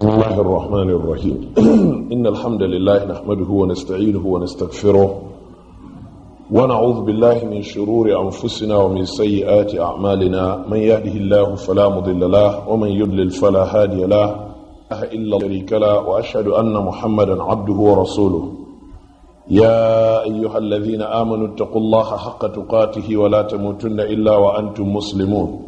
بسم الله الرحمن الرحيم إن الحمد لله نحمده ونستعينه ونستغفره ونعوذ بالله من شرور أنفسنا ومن سيئات أعمالنا من يهده الله فلا مضل له ومن يضلل فلا هادي له إلا شريك له وأشهد أن محمدا عبده ورسوله يا أيها الذين آمنوا اتقوا الله حق تقاته ولا تموتن إلا وأنتم مسلمون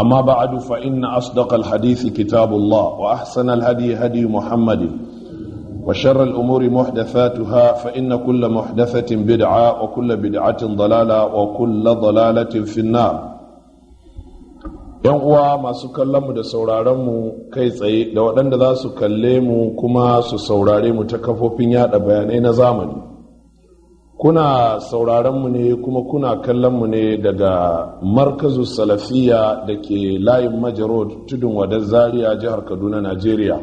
أما بعد فإن أصدق الحديث كتاب الله وأحسن الهدي هدي محمد وشر الأمور محدثاتها فإن كل محدثة بدعة وكل بدعة ضلالة وكل ضلالة في النار yan uwa masu kallonmu da sauraronmu kai tsaye da waɗanda za su kalle mu kuma su saurare mu ta kafofin yada bayanai na zamani kuna sauraronmu ne kuma kuna kallon mu ne daga markazu salafiya da ke layin majarod tudun wadar zaria jihar kaduna nigeria.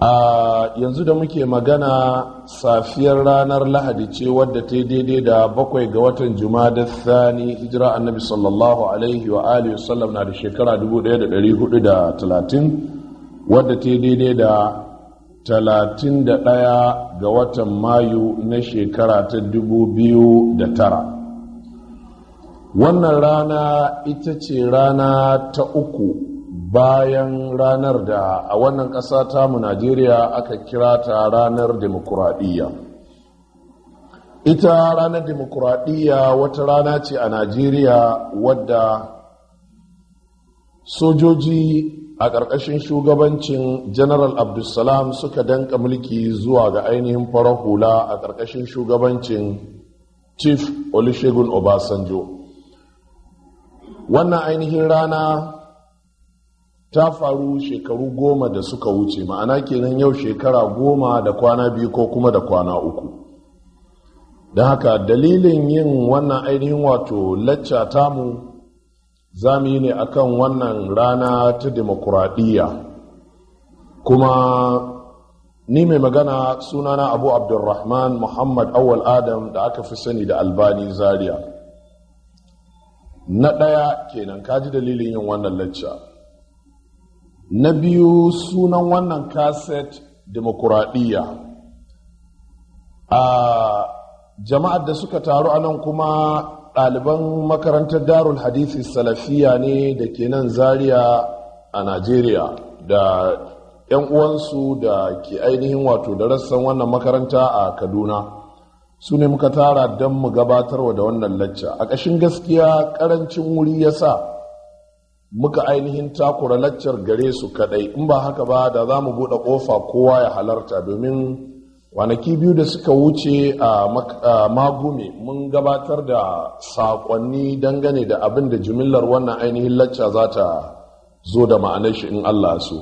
a yanzu da muke magana safiyar ranar lahadi ce wadda ta yi daidai da bakwai ga watan da thani hijira annabi sallallahu alaihi wa alihi wasallam na da shekara 1430 wadda ta yi daidai da talatin da ɗaya ga watan mayu na shekara ta dubu da tara wannan rana ita ce rana ta uku bayan ranar da a wannan ƙasa tamu najeriya aka kira ta ranar demokuraɗiyya ita ranar demokuraɗiyya wata rana ce a najeriya wadda sojoji a ƙarƙashin shugabancin general abdulsalam suka danka mulki zuwa ga ainihin farar hula a ƙarƙashin shugabancin chief olusegun obasanjo wannan ainihin rana ta faru shekaru goma da suka wuce ma'ana kenan yau shekara goma da kwana biyu ko kuma da kwana uku don haka dalilin yin wannan ainihin wato lacca tamu za mu yi ne akan wannan rana ta demokuraɗiyya kuma ni mai magana sunana abu abdulrahman muhammad awal adam da aka fi sani da albani zaria na ɗaya kenan kaji dalilin yin wannan lacca na biyu sunan wannan kaset demokuraɗiyya a ah, jama'ar da suka taru a nan kuma ɗaliban makarantar darul hadisi salafiya ne da ke nan Zariya a najeriya da 'yan uwansu da ke ainihin wato da rassan wannan makaranta a kaduna su ne muka tara don mu gabatarwa da wannan lacca a ƙashin gaskiya ƙarancin wuri ya sa muka ainihin takura laccar gare su kaɗai in ba haka ba da za mu buɗe ƙofa kowa ya halarta domin kwanaki biyu da suka wuce a magume mun gabatar da saƙonni dangane da abin da jimillar wannan ainihin lacca za ta zo da ma'anar shi in Allah so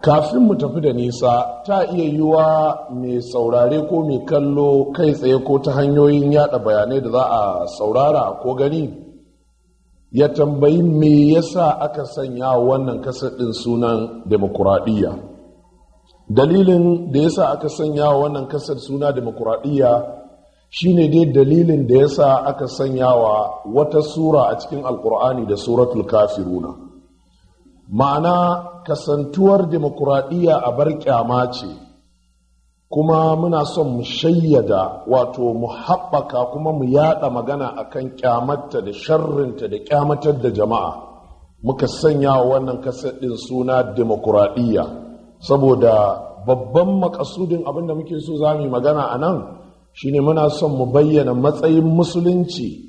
kafin mu tafi da nisa ta iya yiwa mai saurare ko mai kallo kai tsaye ko ta hanyoyin yada bayanai da za a saurara ko gani ya tambayi me yasa aka sanya wannan kasar ɗin sunan demokuraɗiyya dalilin da yasa aka sanya wa wannan kasar suna demokuraɗiyya shine dai dalilin da yasa aka sanya wa wata sura a cikin alkur'ani da suratul kafiruna ma'ana kasantuwar demokuraɗiyya a bar kyama ce kuma muna son mu shayyada wato mu haɓaka kuma mu yaɗa magana akan kyamatta da sharrinta da ƙyamatar da jama'a muka sanya wa wannan kasar ɗin suna demokuraɗiyya saboda babban makasudin abin da muke so za mu yi magana a nan shine muna son mu bayyana matsayin musulunci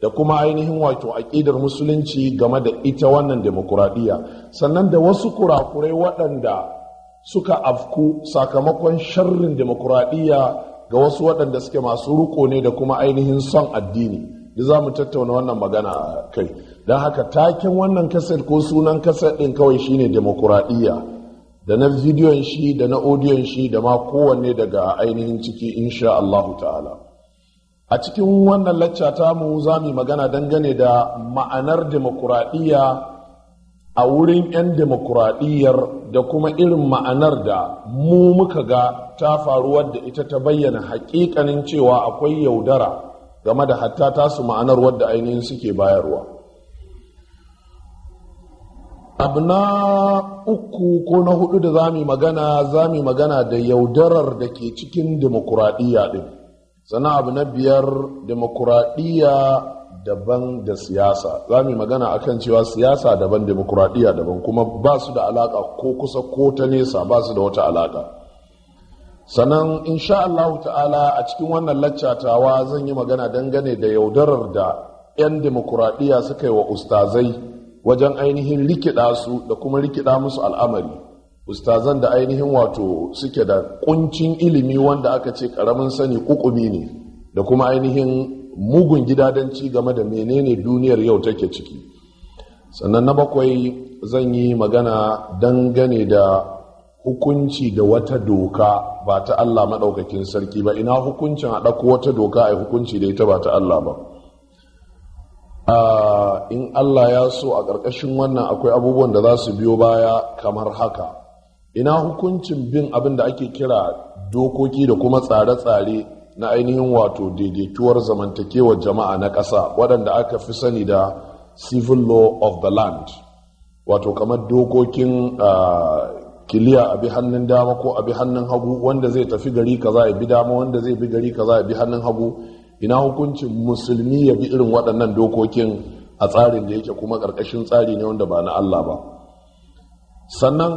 da kuma ainihin wato aƙidar musulunci game da ita wannan demokuraɗiyya sannan da wasu kurakurai waɗanda suka afku sakamakon sharrin demokuraɗiyya ga wasu waɗanda suke masu riko ne da kuma ainihin son addini da za mu tattauna wannan magana kai don haka taken wannan kasar ko sunan kasar ɗin kawai shine demokuraɗiyya da na bidiyon shi da na odiyon shi da ma kowanne daga ainihin ciki insha Allahu ta'ala a cikin wannan lacca ta mu za mu magana dangane da ma'anar demokuraɗiyya a wurin 'yan demokuraɗiyyar da kuma irin ma'anar da mu muka ga ta faruwar da ita ta bayyana haƙiƙanin cewa akwai yaudara game da hatta tasu ma'anar wadda ainihin suke bayarwa abu na uku ko na hudu da zami magana zami magana da yaudarar da ke cikin demokuraɗiyya ɗin Sana abu na biyar demokuraɗiyya daban da siyasa zami magana akan cewa siyasa daban demokuraɗiyya daban kuma ba su da alaƙa ko kusa ko ta nesa ba su da wata alaƙa sannan insha Allah ta'ala a cikin wannan laccatawa zan yi magana dangane da yaudarar da 'yan demokuraɗiyya suka yi wa ustazai wajen ainihin rikida su da kuma rikida musu al'amari ustazan da ainihin wato suke da kuncin ilimi wanda aka ce karamin sani kukumi ne da kuma ainihin mugun gidadanci game da menene duniyar yau take ciki sannan na bakwai zan yi magana dangane da hukunci da wata doka ba ta Allah maɗaukakin sarki ba ina hukuncin a ɗauko wata doka a hukunci da ita ba ta Allah ba in Allah ya so a ƙarƙashin wannan akwai abubuwan da za su biyo baya kamar haka ina hukuncin bin abin da ake kira dokoki da kuma tsare-tsare na ainihin wato daidaituwar zamantakewar jama'a na ƙasa waɗanda aka fi sani da civil law of the land wato kamar dokokin kiliya a bi hannun dama ko a bi hannun hagu wanda zai tafi gari kaza ya bi dama wanda zai bi gari kaza ya bi hannun hagu ina hukuncin musulmi ya bi irin waɗannan dokokin a tsarin da yake kuma ƙarƙashin tsari ne wanda ba na Allah ba sannan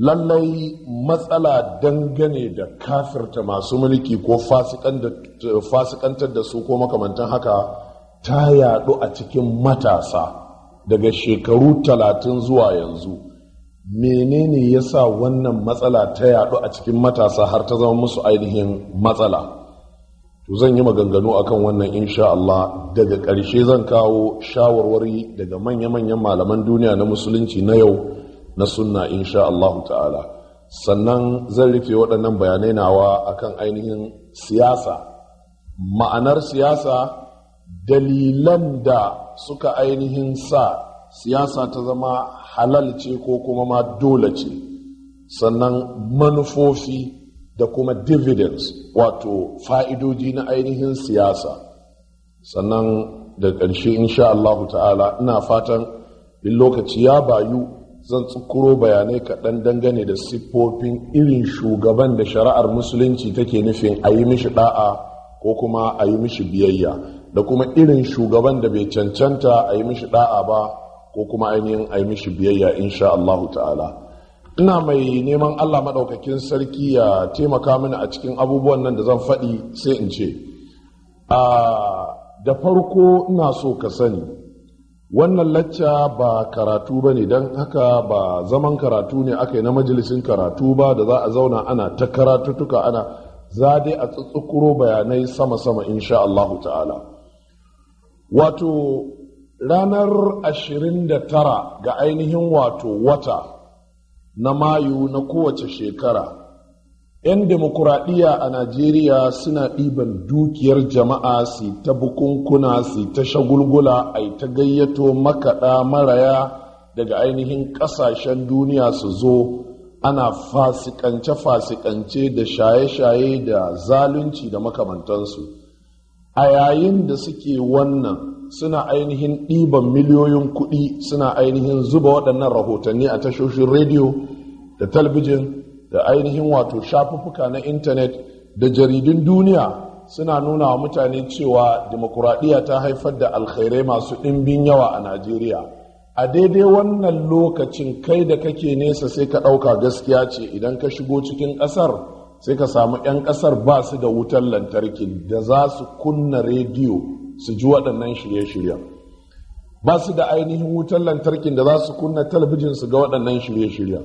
lallai matsala dangane da kafirta masu mulki ko fasikantar da su ko makamantan haka ta yaɗu a cikin matasa daga shekaru talatin zuwa yanzu menene ya sa wannan matsala ta yaɗu a cikin matasa har ta zama musu ainihin matsala to zan yi maganganu akan wannan insha Allah daga ƙarshe zan kawo shawarwari daga manya-manyan malaman duniya na musulunci na yau na sunna insha Allah ta'ala sannan zan rufe waɗannan bayanai nawa a kan ainihin siyasa ma'anar siyasa dalilan da suka ainihin sa siyasa ta zama halal ce ko kuma ma dole ce sannan manufofi da kuma dividends wato fa'idoji na ainihin siyasa sannan da ƙarshe insha Allah ta'ala ina fatan in lokaci ya bayu zan tsukuro bayanai kaɗan dangane da siffofin irin shugaban da shari'ar musulunci take nufin a yi mishi ɗa'a ko kuma a yi mishi biyayya da kuma irin shugaban da bai cancanta a yi mishi ɗa'a ba ko kuma ainihin a yi mishi biyayya insha Allahu ta'ala ina mai neman Allah maɗaukakin sarki ya taimaka mini a cikin abubuwan nan da zan faɗi sai in ce a da farko ina so ka sani wannan lacca ba karatu ba ne don haka ba zaman karatu ne aka yi na majalisin karatu ba da za a zauna ana ta karatutuka ana za dai a tsutsukuro bayanai sama-sama insha Allahu ta'ala wato ranar 29 ga ainihin wato wata na mayu na kowace shekara 'yan demokuraɗiyya a najeriya suna ɗiban dukiyar jama'a su ta bukunkuna su ta shagulgula a ta gayyato makaɗa maraya daga ainihin ƙasashen duniya su zo ana fasikance-fasikance da shaye-shaye da zalunci da makamantansu a yayin da suke wannan suna ainihin ɗiban miliyoyin kuɗi suna ainihin zuba waɗannan rahotanni a tashoshin rediyo da talbijin da ainihin wato shafuffuka na intanet da jaridun duniya suna nuna wa mutane cewa demokuraɗiyya ta haifar da alkhairai masu ɗimbin yawa a najeriya a daidai wannan lokacin kai da kake nesa sai ka ɗauka gaskiya ce idan ka shigo cikin ƙasar sai ka samu 'yan kasar ba su da wutar lantarki da za su kunna rediyo su ji waɗannan shirye-shiryen ba su da ainihin wutar lantarkin da za su kunna talabijin su ga waɗannan shirye-shiryen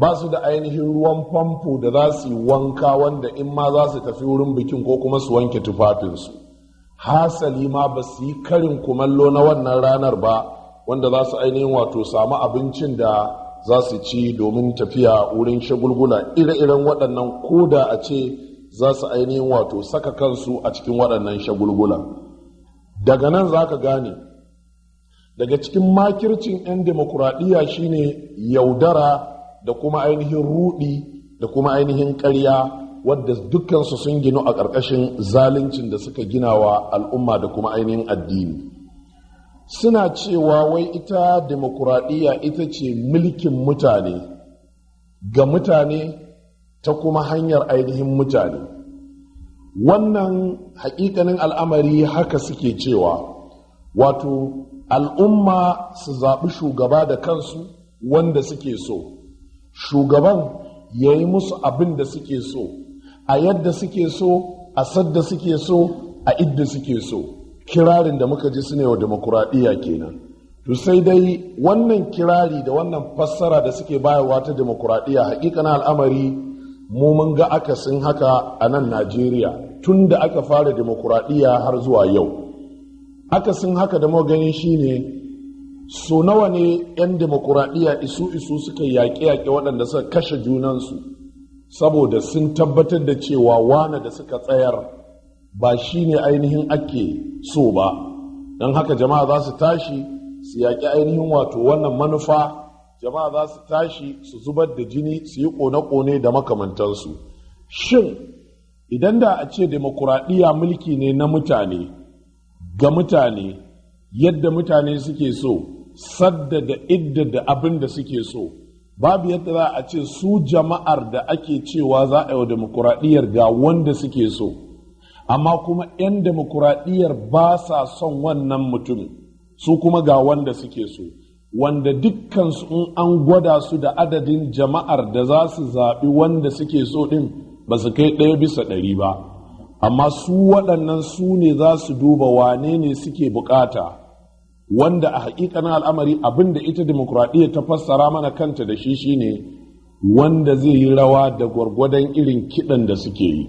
ba su da ainihin ruwan famfo da za su yi wanka wanda in ma za su tafi wurin bikin ko kuma su wanke tufafinsu hasali ma ba su yi karin kumallo na wannan ranar ba wanda za su ainihin wato samu abincin da za su ci domin tafiya wurin shagulgula ire-iren waɗannan koda a ce za su ainihin wato saka kansu a cikin waɗannan shagulgula daga nan za ka gane daga cikin makircin 'yan demokuraɗiyya shine yaudara da kuma ainihin ruɗi da kuma ainihin ƙarya wadda dukkansu sun ginu a ƙarƙashin zaluncin da suka gina wa al'umma da kuma ainihin addini. suna cewa wai ita demokuraɗiyya ita ce mulkin mutane ga mutane ta kuma hanyar ainihin mutane wannan hakikanin al'amari haka suke cewa wato al'umma su zaɓi shugaba da kansu wanda suke so shugaban ya yi musu abin da suke so a yadda suke so a sadda suke so a idda suke so kirarin da muka ji su ne wa demokuraɗiyya kenan to sai dai wannan kirari da wannan fassara da suke bayarwa ta demokuraɗiyya hakikanin al'amari mu mun ga akasin haka a nan najeriya tun da aka fara demokuraɗiyya har zuwa yau akasin haka da gani shine so nawa ne 'yan demokuraɗiyya isu isu suka yaƙe-yaƙe waɗanda suka kashe junansu saboda sun tabbatar da cewa wane da suka tsayar ba shi ne ainihin ake so ba don haka jama'a za su tashi su yaƙi ainihin wato wannan manufa jama'a za su tashi su zubar da jini su yi ƙone-ƙone da makamantansu shin idan da a ce demokuraɗiyya mulki ne na mutane ga mutane yadda mutane suke so sadda da idda da abin da suke so babu yadda za a ce su jama'ar da ake cewa za a yi wa demokuraɗiyyar ga wanda suke so amma kuma 'yan demokuraɗiyar ba sa son wannan mutum su kuma ga wanda suke so wanda dukkansu in an gwada su da adadin jama'ar da za su zaɓi wanda suke so ɗin ba su kai ɗaya bisa ɗari ba amma su waɗannan su ne za su duba wane ne suke bukata wanda a na al'amari abinda ita demokuraɗiyya ta fassara mana kanta da shi shine wanda zai yi rawa da gwargwadon irin kiɗan da suke yi.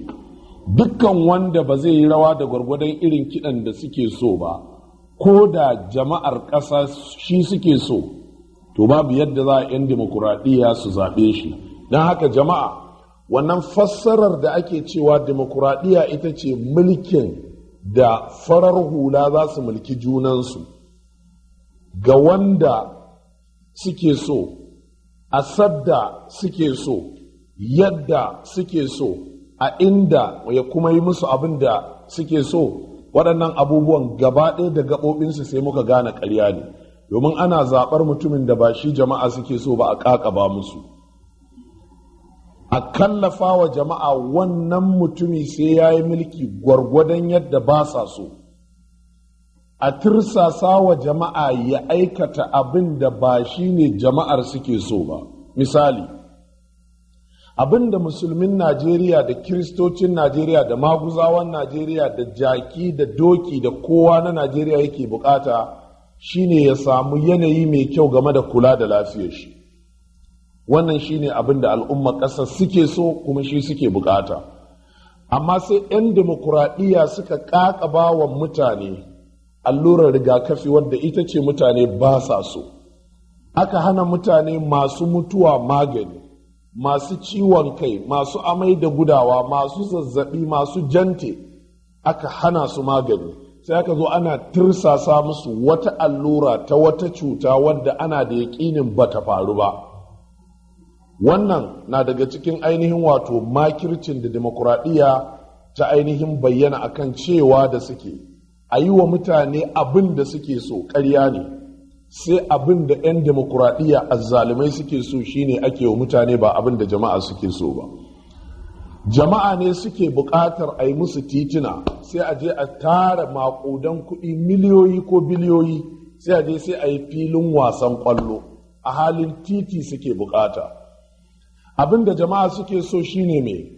dukkan wanda ba zai yi rawa da gwargwadon irin kiɗan da suke so ba ko da jama'ar ƙasa shi suke so to babu yadda za a 'yan demokuraɗiyya su zaɓe shi don haka jama'a wannan fassarar da ake cewa demokuraɗiyya ita ce mulkin da farar hula za su mulki junansu ga wanda suke so a sadda suke so yadda suke so a inda ya kuma yi musu abin da suke so waɗannan abubuwan gaba ɗaya da gaɓoɓinsu sai muka gane ƙarya ne domin ana zaɓar mutumin da ba shi jama'a suke so ba a ƙaƙaba musu a kallafa wa jama'a wannan mutumi sai ya yi mulki gwargwadon yadda ba sa so a tirsasa wa jama'a ya aikata abin da ba shi ne jama'ar suke so ba misali abin da musulmin najeriya da kiristocin najeriya da maguzawan najeriya da jaki da doki da kowa na najeriya yake bukata shine ya samu yanayi mai kyau game da kula da lafiyar shi wannan shine abin da ƙasa suke so kuma shi suke bukata amma sai 'yan demokuraɗiyya suka ƙaƙa wa mutane allurar rigakafi wadda ita ce mutane ba sa so aka hana mutane masu mutuwa magani masu ciwon kai masu amai da gudawa masu zazzabi masu jante aka hana su magani sai aka zo ana tirsasa musu wata allura ta wata cuta wadda ana da yaƙinin bata faru ba wannan na daga cikin ainihin wato makircin da demokuraɗiyya ta ainihin bayyana akan cewa da suke a yi wa mutane abin da suke so ƙarya ne sai abin da 'yan demokuraɗiyya azzalumai suke so shine ake wa mutane ba abin da jama'a suke so ba jama'a ne suke buƙatar a yi musu titina sai a je a tara maƙudan kuɗi miliyoyi ko biliyoyi sai a je sai a yi filin wasan ƙwallo a halin titi suke buƙata abin da jama'a suke so shine mai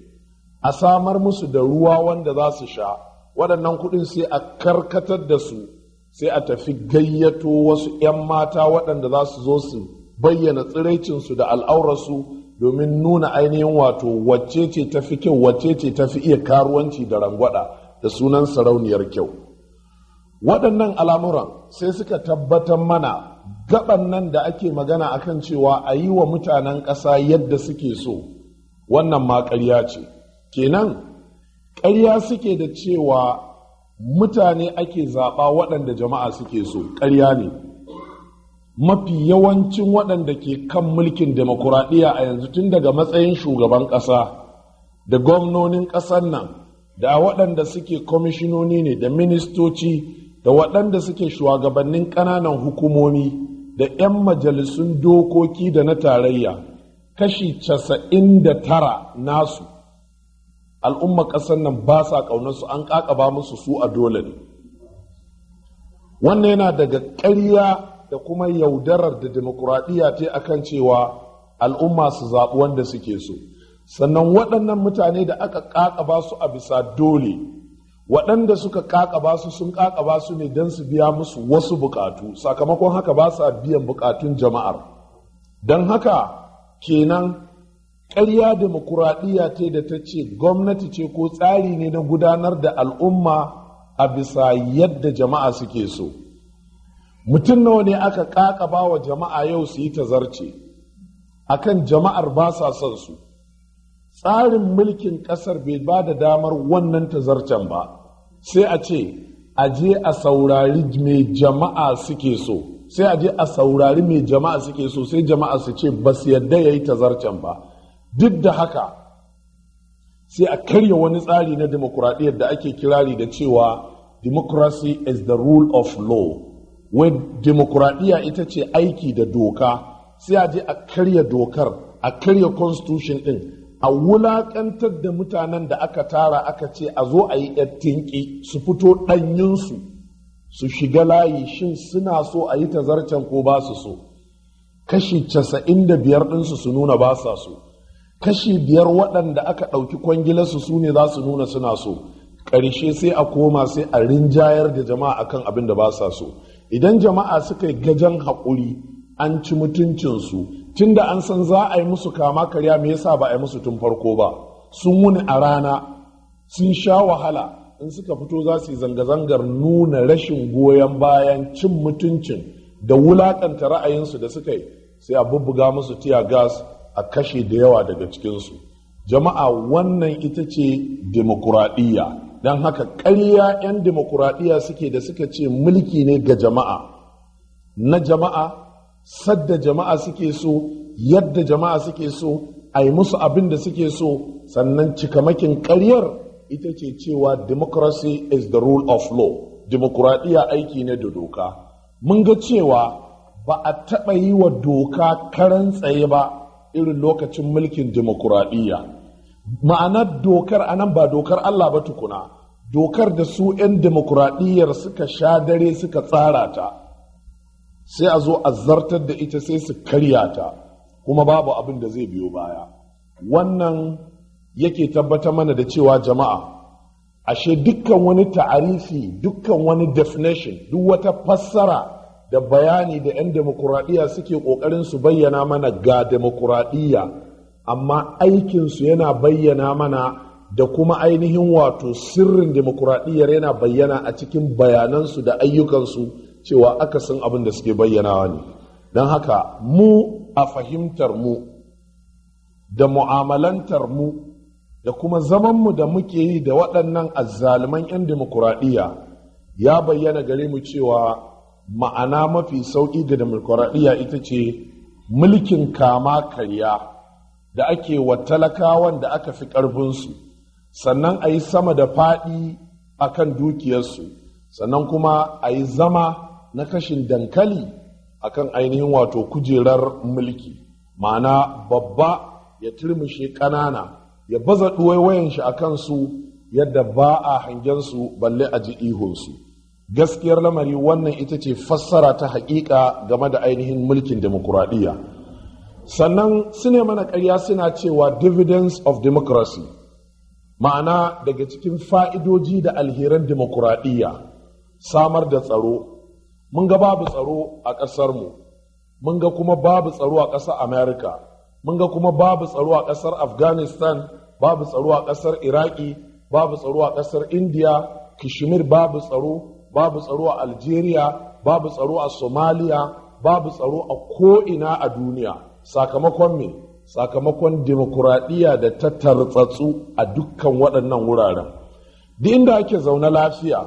a samar musu da ruwa wanda za su sha waɗannan kuɗin sai a karkatar da su sai a tafi gayyato wasu 'yan mata waɗanda za su zo su bayyana tsiraicinsu da al'aurarsu domin nuna ainihin wato wacce ce ta fi kyau wacce ce ta fi iya karuwanci da rangwada da sunan sarauniyar kyau waɗannan al'amuran sai suka tabbatar mana gaban nan da ake magana akan cewa a yi wa mutanen ƙasa yadda suke so wannan ma ƙarya ce kenan ƙarya suke da cewa mutane ake zaɓa waɗanda jama'a suke so ƙarya ne mafi yawancin waɗanda ke kan mulkin demokuraɗiyya a yanzu tun daga matsayin shugaban ƙasa da gwamnonin ƙasar nan da waɗanda suke kwamishinoni ne da ministoci da waɗanda suke shugabannin ƙananan hukumomi da 'yan majalisun dokoki da na tarayya kashi casa'in da tara nasu al'ummar ƙasar nan ba sa su an ƙaƙaba musu su a dole ne wannan yana daga ƙarya da kuma yaudarar da demokuraɗiyya ta akan cewa al'umma su zaɓi wanda suke so sannan waɗannan mutane da aka ƙaƙaba su a bisa dole waɗanda suka ƙaƙaba su sun ƙaƙaba su ne don su biya musu wasu buƙatu sakamakon haka ba sa biyan buƙatun jama'ar don haka kenan ƙarya demokuraɗiyya ce da ta ce gwamnati ce ko tsari ne na gudanar da al'umma a bisa yadda jama'a suke so mutum nawa ne aka ƙaƙaba wa jama'a yau su yi tazarce kan jama'ar ba sa son su tsarin mulkin ƙasar bai ba da damar wannan tazarcen ba sai a ce a je a saurari mai jama'a suke so sai a je a saurari mai jama'a suke so sai jama'a su ce ba su yadda ya yi tazarcen ba duk da haka sai a karya wani tsari na demokuraɗiyyar da ake kirari da cewa democracy is the rule of law wai demokuraɗiyya ita ce aiki da doka sai a je a karya dokar a karya constitution ɗin a wulaƙantar da mutanen da aka tara aka ce a zo a yi tinki su fito ɗanyensu su shiga layi shin suna so a yi ta tazarcen ko ba su so kashi casa'in da biyar ɗinsu su nuna ba sa so kashi biyar waɗanda aka ɗauki kwangilarsu su ne za su nuna suna so ƙarshe sai a koma sai a rinjayar da jama'a akan abin da ba sa so idan jama'a suka yi gajen haƙuri an ci mutuncinsu tunda an san za a yi musu kama karya me yasa ba a yi musu tun farko ba sun wuni a rana sun sha wahala in suka fito za su yi zanga-zangar nuna rashin goyon bayan cin mutuncin da wulaƙanta ra'ayinsu da suka yi sai a bubbuga musu tiya gas a kashe da yawa daga cikinsu jama'a wannan ita ce demokuraɗiyya don haka ƙarya 'yan demokuraɗiyya suke da suka ce mulki ne ga jama'a na jama'a sadda jama'a suke so yadda jama'a suke so a yi musu abin da suke so sannan cikamakin ƙaryar ita ce cewa democracy is the rule of law demokuraɗiyya aiki ne da doka mun ga cewa ba a taɓa yi wa doka karan tsaye ba irin lokacin mulkin dimokuraɗiyya ma'anar dokar a nan ba dokar Allah ba tukuna dokar da su 'yan dimokuraɗiyyar suka sha dare suka tsara ta sai a zo a zartar da ita sai su karya ta kuma babu abin da zai biyo baya wannan yake tabbatar mana da cewa jama'a ashe dukkan wani ta'arifi dukkan wani definition duk wata fassara da bayani da 'yan demokuraɗiyya suke ƙoƙarin su bayyana mana ga demokuraɗiyya amma aikinsu yana bayyana mana da kuma ainihin wato sirrin demokuraɗiyyar yana bayyana a cikin bayanansu da ayyukansu cewa akasin abin da suke bayyanawa ne don haka mu a fahimtar mu da mu'amalantar mu da kuma zamanmu da muke yi da waɗannan azzaluman 'yan demokuraɗiyya ya bayyana gare mu cewa ma'ana mafi sauƙi da demokuraɗiyya ita ce mulkin kama karya da ake wa talakawan da aka fi ƙarfinsu sannan a yi sama da faɗi a kan dukiyarsu sannan kuma a yi zama na kashin dankali a kan ainihin wato kujerar mulki ma'ana babba ya turmushe ƙanana ya baza ɗuwaiwayen shi a kansu yadda ba a hangensu balle a ji su gaskiyar lamari wannan ita ce fassara ta haƙiƙa game da ainihin mulkin demokuraɗiyya sannan su ne mana ƙarya suna cewa dividends of democracy ma'ana daga cikin fa'idoji da alheran demokuraɗiyya samar da tsaro mun ga babu tsaro a ƙasarmu mun ga kuma babu tsaro a ƙasar america mun ga kuma babu tsaro a ƙasar afghanistan babu tsaro a ƙasar iraki babu tsaro a ƙasar india kishimir babu tsaro babu tsaro a algeria babu tsaro a somalia babu tsaro a ko'ina a duniya sakamakon me sakamakon demokuraɗiyya da ta tartsatsu a dukkan waɗannan wuraren duk inda ake zaune lafiya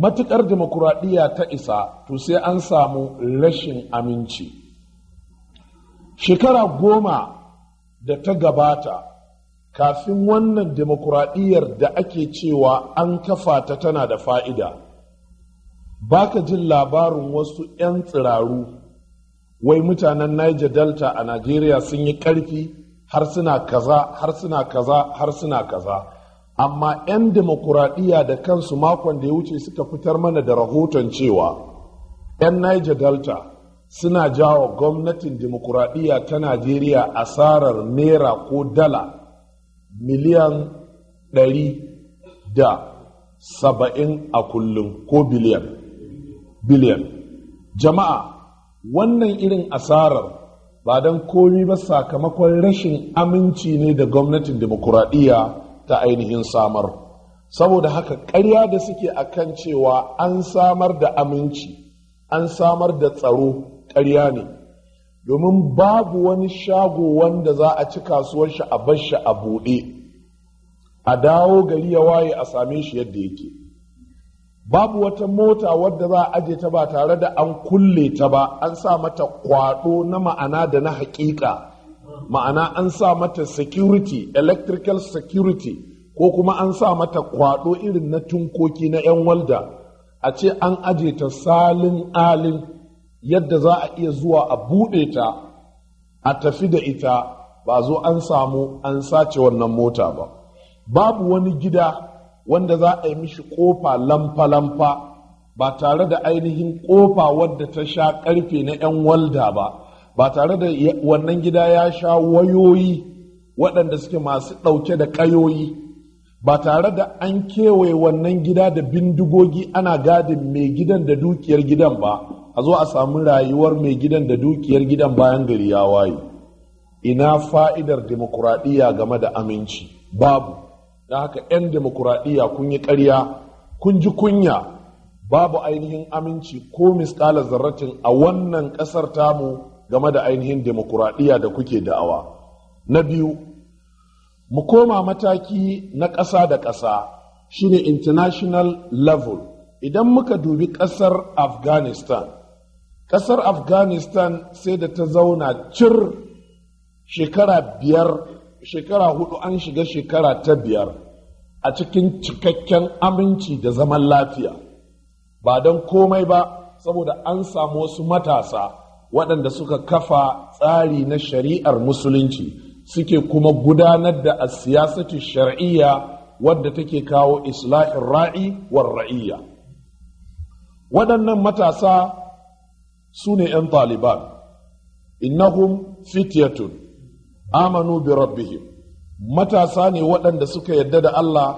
matuƙar demokuraɗiyya ta isa to sai an samu rashin aminci shekara goma da ta gabata kafin wannan demokuraɗiyyar da ake cewa an kafa ta tana da fa'ida Ba ka jin labarin wasu 'yan tsiraru wai mutanen niger delta a najeriya sun yi ƙarfi har suna kaza har suna kaza har suna kaza amma 'yan demokuraɗiyya da kansu makon da ya wuce suka fitar mana da rahoton cewa 'yan niger delta suna jawo gwamnatin demokuraɗiyya ta najeriya asarar naira ko dala miliyan ɗari da saba'in a kullum ko biliyan biliyan jama'a wannan irin asarar ba don komi ba sakamakon rashin aminci ne da gwamnatin demokuraɗiyya ta ainihin samar saboda haka ƙarya da suke akan cewa an samar da aminci an samar da tsaro ƙarya ne domin babu wani shago wanda za a ci kasuwar shi a bar shi a buɗe a dawo gari ya waye a same shi yadda yake babu wata mota wadda za a aje ta ba tare da an kulle ta ba an sa mata kwado na ma'ana da na haƙiƙa ma'ana an sa mata security electrical security ko kuma an sa mata kwado irin na tunkoki na 'yan walda a ce an aje ta salin alin yadda za a iya zuwa a buɗe ta a tafi da ita ba zo an samu an sace wannan mota ba babu wani gida wanda za a yi mishi ƙofa lamfa-lamfa ba tare da ainihin ƙofa wadda ta sha ƙarfe na 'yan walda ba ba tare da wannan gida ya sha wayoyi waɗanda suke masu ɗauke da ƙayoyi ba tare da an kewaye wannan gida da bindigogi ana gadin mai gidan da dukiyar gidan ba a zo a samu rayuwar mai gidan da dukiyar gidan bayan gari ya waye ina fa'idar demokuraɗiyya game da aminci babu da haka 'yan demokuraɗiyya kun yi ƙarya kun ji kunya babu ainihin aminci ko miskalar zarratin a wannan ƙasar tamu game da ainihin demokuraɗiyya da kuke da'awa na biyu mu koma mataki na ƙasa da ƙasa shine international level idan muka dubi ƙasar afghanistan ƙasar afghanistan sai da ta zauna cir shekara biyar shekara hudu an shiga shekara ta biyar a cikin cikakken aminci da zaman lafiya ba don komai ba saboda an samu wasu matasa waɗanda suka kafa tsari na shari'ar musulunci suke kuma gudanar da a siyasatu shar'iyya wadda take kawo isla'in ra'i war ra'iyya waɗannan matasa su ne 'yan taliban innahum fityatun amanu bi rabbihim matasa ne waɗanda suka yadda da Allah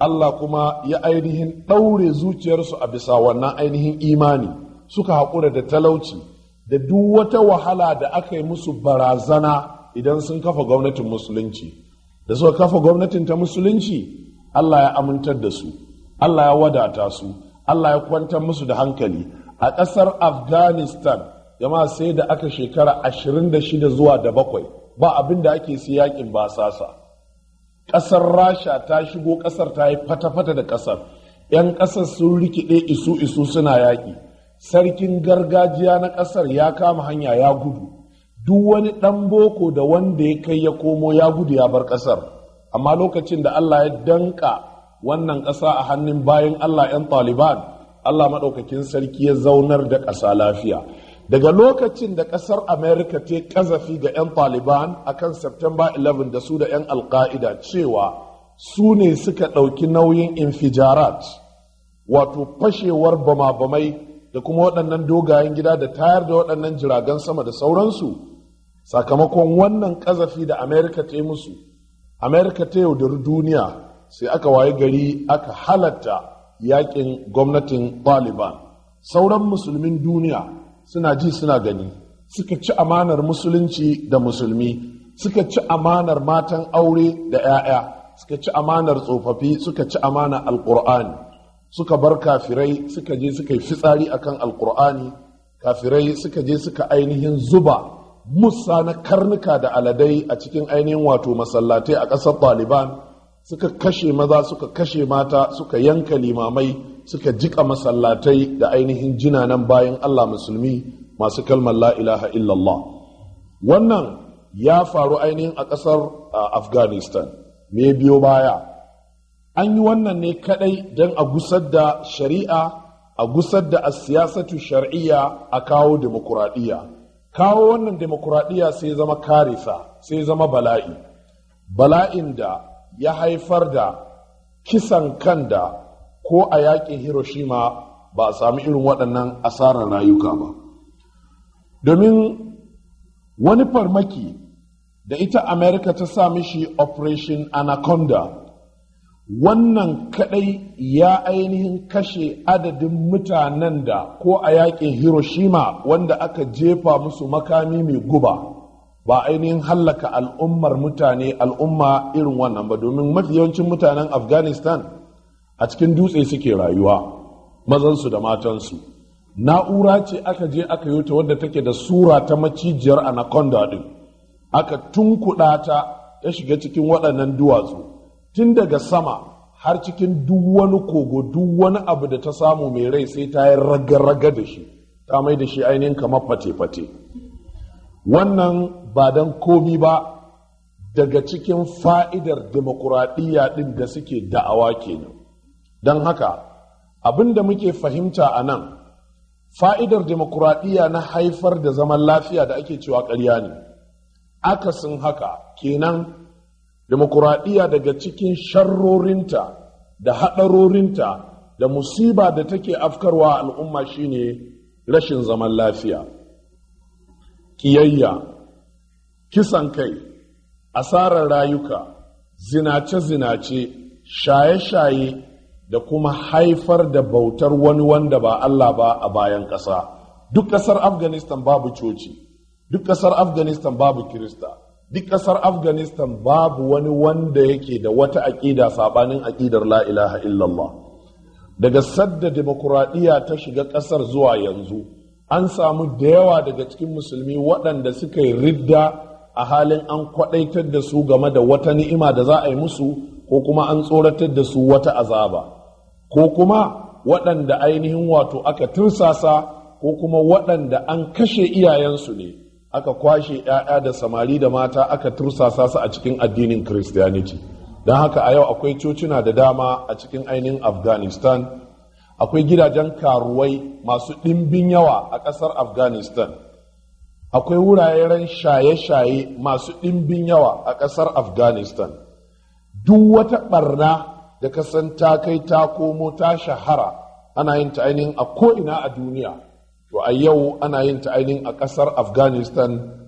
Allah kuma ya ainihin ɗaure zuciyarsu a bisa wannan ainihin imani suka haƙura da talauci da duk wata wahala da aka yi musu barazana idan sun kafa gwamnatin musulunci da suka kafa gwamnatin ta musulunci Allah ya amintar da su Allah ya wadata su Allah ya kwantar musu da hankali a ƙasar afghanistan jama'a sai da aka shekara 26 zuwa da bakwai ba abin da ake sai yakin basasa ƙasar rasha ta shigo ƙasar ta yi fata-fata da ƙasar 'yan ƙasar sun rikide isu-isu suna yaƙi sarkin gargajiya na ƙasar ya kama hanya ya gudu duk wani ɗan boko da wanda ya kai ya komo ya gudu ya bar ƙasar amma lokacin da allah ya danƙa wannan ƙasa a hannun bayan allah 'yan taliban Allah maɗaukakin sarki ya zaunar da ƙasa lafiya daga lokacin da ƙasar amerika ta ƙazafi ga 'yan taliban kan september 11 da su da 'yan alka'ida cewa su ne suka ɗauki nauyin infijarat wato fashewar bama-bamai da kuma waɗannan dogayen gida da tayar da waɗannan jiragen sama da sauransu sakamakon wannan ƙazafi da amerika ta yi musu Amerika ta yaudari duniya sai aka waye gari aka halatta yakin gwamnatin Taliban sauran musulmin duniya suna ji suna gani suka ci amanar musulunci da musulmi suka ci amanar matan aure da 'ya'ya suka ci amanar tsofaffi suka ci amanar alkur'ani suka bar kafirai suka je suka yi fitsari akan alkur'ani kafirai suka je suka ainihin zuba musa na karnuka da aladai a cikin ainihin wato masallatai a ƙasar taliban suka kashe maza suka kashe mata suka yanka limamai suka jika masallatai da ainihin jinanan bayan Allah musulmi masu kalmar la ilaha illallah wannan ya faru ainihin a ƙasar afghanistan me biyo baya an yi wannan ne kadai don a gusar da shari'a a gusar da a siyasatu shar'iyya a kawo demokuraɗiyya kawo wannan demokuraɗiyya sai zama karisa sai zama bala'i bala'in da ya haifar da kisan kan da ko a yakin hiroshima ba a sami irin waɗannan asarar rayuka ba domin wani farmaki da ita amerika ta sami shi operation anaconda wannan kadai ya ainihin kashe adadin mutanen da ko a yakin hiroshima wanda aka jefa musu makami mai guba ba ainihin hallaka al'ummar mutane al'umma irin wannan ba domin mafi yawancin mutanen afghanistan a cikin dutse suke rayuwa mazansu da matansu na'ura ce aka je aka yi ta wadda take da sura ta macijiyar anaconda din aka tunkuɗa ta ya shiga cikin waɗannan duwatsu tun daga sama har cikin duk wani kogo duk wani abu da ta samu mai rai sai ta yi raga-raga da shi ta mai da shi ainihin kamar fate-fate wannan ba don komi ba daga cikin fa'idar demokuraɗiyya ɗin da suke da'awa kenan don haka abin da muke fahimta a nan fa'idar demokuraɗiyya na haifar da zaman lafiya da ake cewa ƙarya ne akasin haka kenan demokuraɗiyya daga cikin sharrorinta da haɗarorinta da musiba da take afkarwa al'umma shine rashin zaman lafiya. ƙiyayya kisan kai asarar rayuka zinace-zinace shaye-shaye da kuma haifar da bautar wani wanda ba Allah ba a bayan ƙasa duk ƙasar afghanistan babu coci duk ƙasar afghanistan babu kirista duk ƙasar afghanistan babu wani wanda yake da wata aƙida saɓanin aƙidar la'ilaha illallah daga sadda demokuraɗiyya ta shiga ƙasar zuwa yanzu an samu da yawa daga cikin musulmi waɗanda suka yi ridda a halin an kwaɗaitar da su game da wata ni'ima da za a yi musu ko kuma an tsoratar da su wata azaba ko kuma waɗanda ainihin wato aka tursasa ko kuma waɗanda an kashe iyayensu ne aka kwashe 'ya'ya da samari da mata aka tursasa su a cikin addinin christianity don haka a yau akwai cocina da dama a cikin ainihin afghanistan akwai gidajen karuwai masu ɗimbin yawa a ƙasar afghanistan akwai wuraren shaye-shaye masu ɗimbin yawa a ƙasar afghanistan duk wata ɓarna da kasan ta kai ta komo ta shahara ana yin ta ainihin a ko'ina a duniya to a yau ana yin ta ainihin a ƙasar afghanistan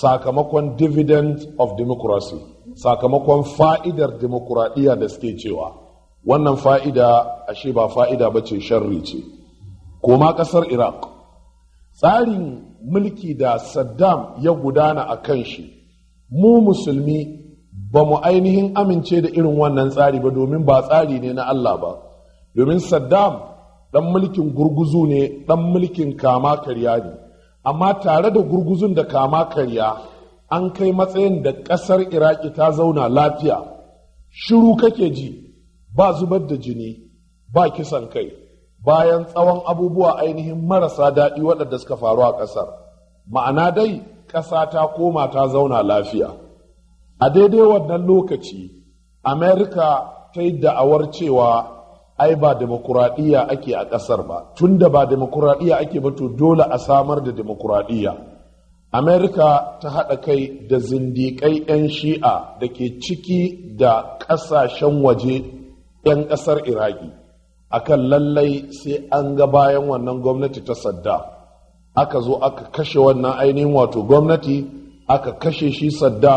sakamakon dividend of democracy sakamakon fa'idar demokuraɗiyya da suke cewa wannan fa'ida ashe ba fa'ida ba ce sharri ce koma ƙasar iraq tsarin mulki da saddam ya gudana a kan shi mu musulmi ba mu ainihin amince da irin wannan tsari ba domin ba tsari ne na allah ba domin saddam ɗan mulkin gurguzu ne ɗan mulkin kama karya ne amma tare da gurguzun da kama karya an kai matsayin da ƙasar iraki ta zauna lafiya shiru kake ji ba zubar da jini ba kisan kai bayan tsawon abubuwa ainihin marasa daɗi waɗanda suka faru a ƙasar ma'ana dai ƙasa ta koma ta zauna lafiya a daidai wannan lokaci amerika ta yi da'awar cewa ai ba demokuraɗiyya ake a ƙasar ba tun da ba demokuraɗiyya ake ba to dole a samar da demokuraɗiyya amerika ta haɗa kai da zindiƙai 'yan shi'a da ke ciki da ƙasashen waje 'yan ƙasar iraki akan lallai sai an ga bayan wannan gwamnati ta sadda aka zo aka kashe wannan ainihin wato gwamnati aka kashe shi sadda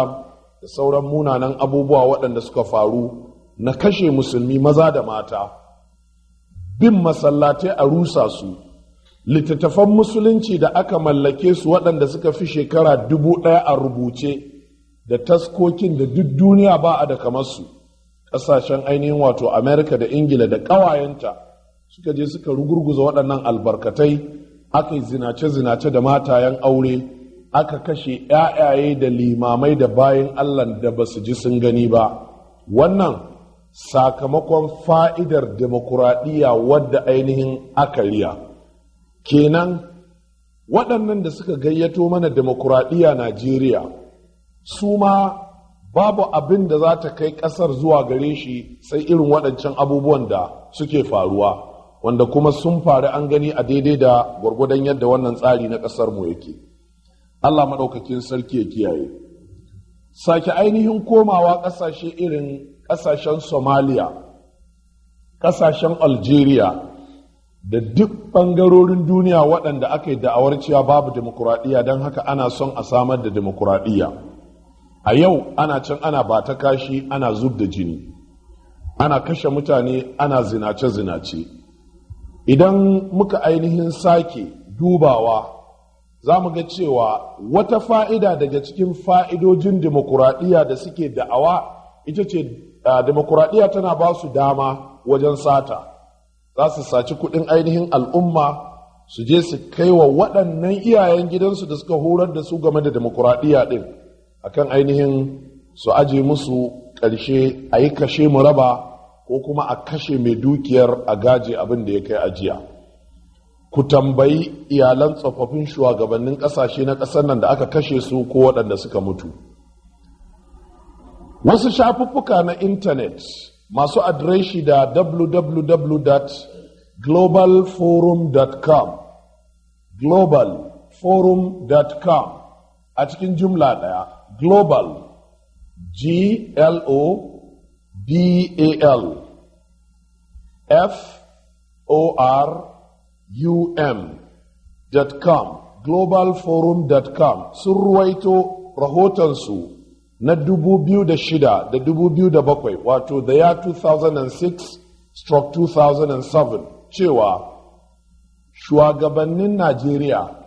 da sauran munanan abubuwa waɗanda suka faru na kashe musulmi maza da mata bin masallatai a rusa su littattafan musulunci da aka mallake su waɗanda suka fi shekara dubu ɗaya a rubuce da taskokin da duk duniya ba a da kamar su ƙasashen ainihin wato amerika da ingila da ƙawayenta suka je suka rugurguza waɗannan albarkatai aka yi zinace-zinace da matayen aure aka kashe ‘ya'yaye da limamai da bayan allah da ba su ji sun gani ba wannan sakamakon fa'idar demokuraɗiyya wadda ainihin aka riya kenan waɗannan da suka gayyato mana demokuraɗiyya najeriya su ma babu abin da za ta kai ƙasar zuwa gare shi sai irin waɗancan abubuwan da suke faruwa wanda kuma sun faru an gani a daidai da gwargwadon yadda wannan tsari na ƙasar mu yake allah maɗaukakin sarki ya kiyaye sake ainihin komawa ƙasashe irin ƙasashen somaliya ƙasashen algeria da duk ɓangarorin duniya waɗanda aka yi da'awar cewa babu demokuraɗiyya don haka ana son a samar da demokuraɗiyya a yau ana can ana ba ta kashi ana zub da jini ana kashe mutane ana zinace-zinace idan muka ainihin sake dubawa za mu ga cewa wata fa'ida daga cikin fa'idojin demokuraɗiyya da suke da'awa ita ce demokuraɗiyya tana ba su dama wajen sata za su saci kuɗin ainihin al'umma su je su kai wa waɗannan iyayen gidansu da suka horar da su game da demokuraɗiyya ɗin akan ainihin su aje musu ƙarshe a yi kashe mu raba ko kuma a kashe mai dukiyar a gaji abin da ya kai ajiya ku tambayi iyalan tsofaffin shugabannin ƙasashe na ƙasar nan da aka kashe su ko waɗanda suka mutu wasu shafuffuka na intanet masu adireshi da www.globalforum.com globalforum.com a cikin jumla ɗaya global. G L O B A L. F O R U M dot com. Globalforum.com sun ruwaito rahotonsu na 2006 da 2007 wato the year 2006 stroke 2007 cewa shugabannin Najeriya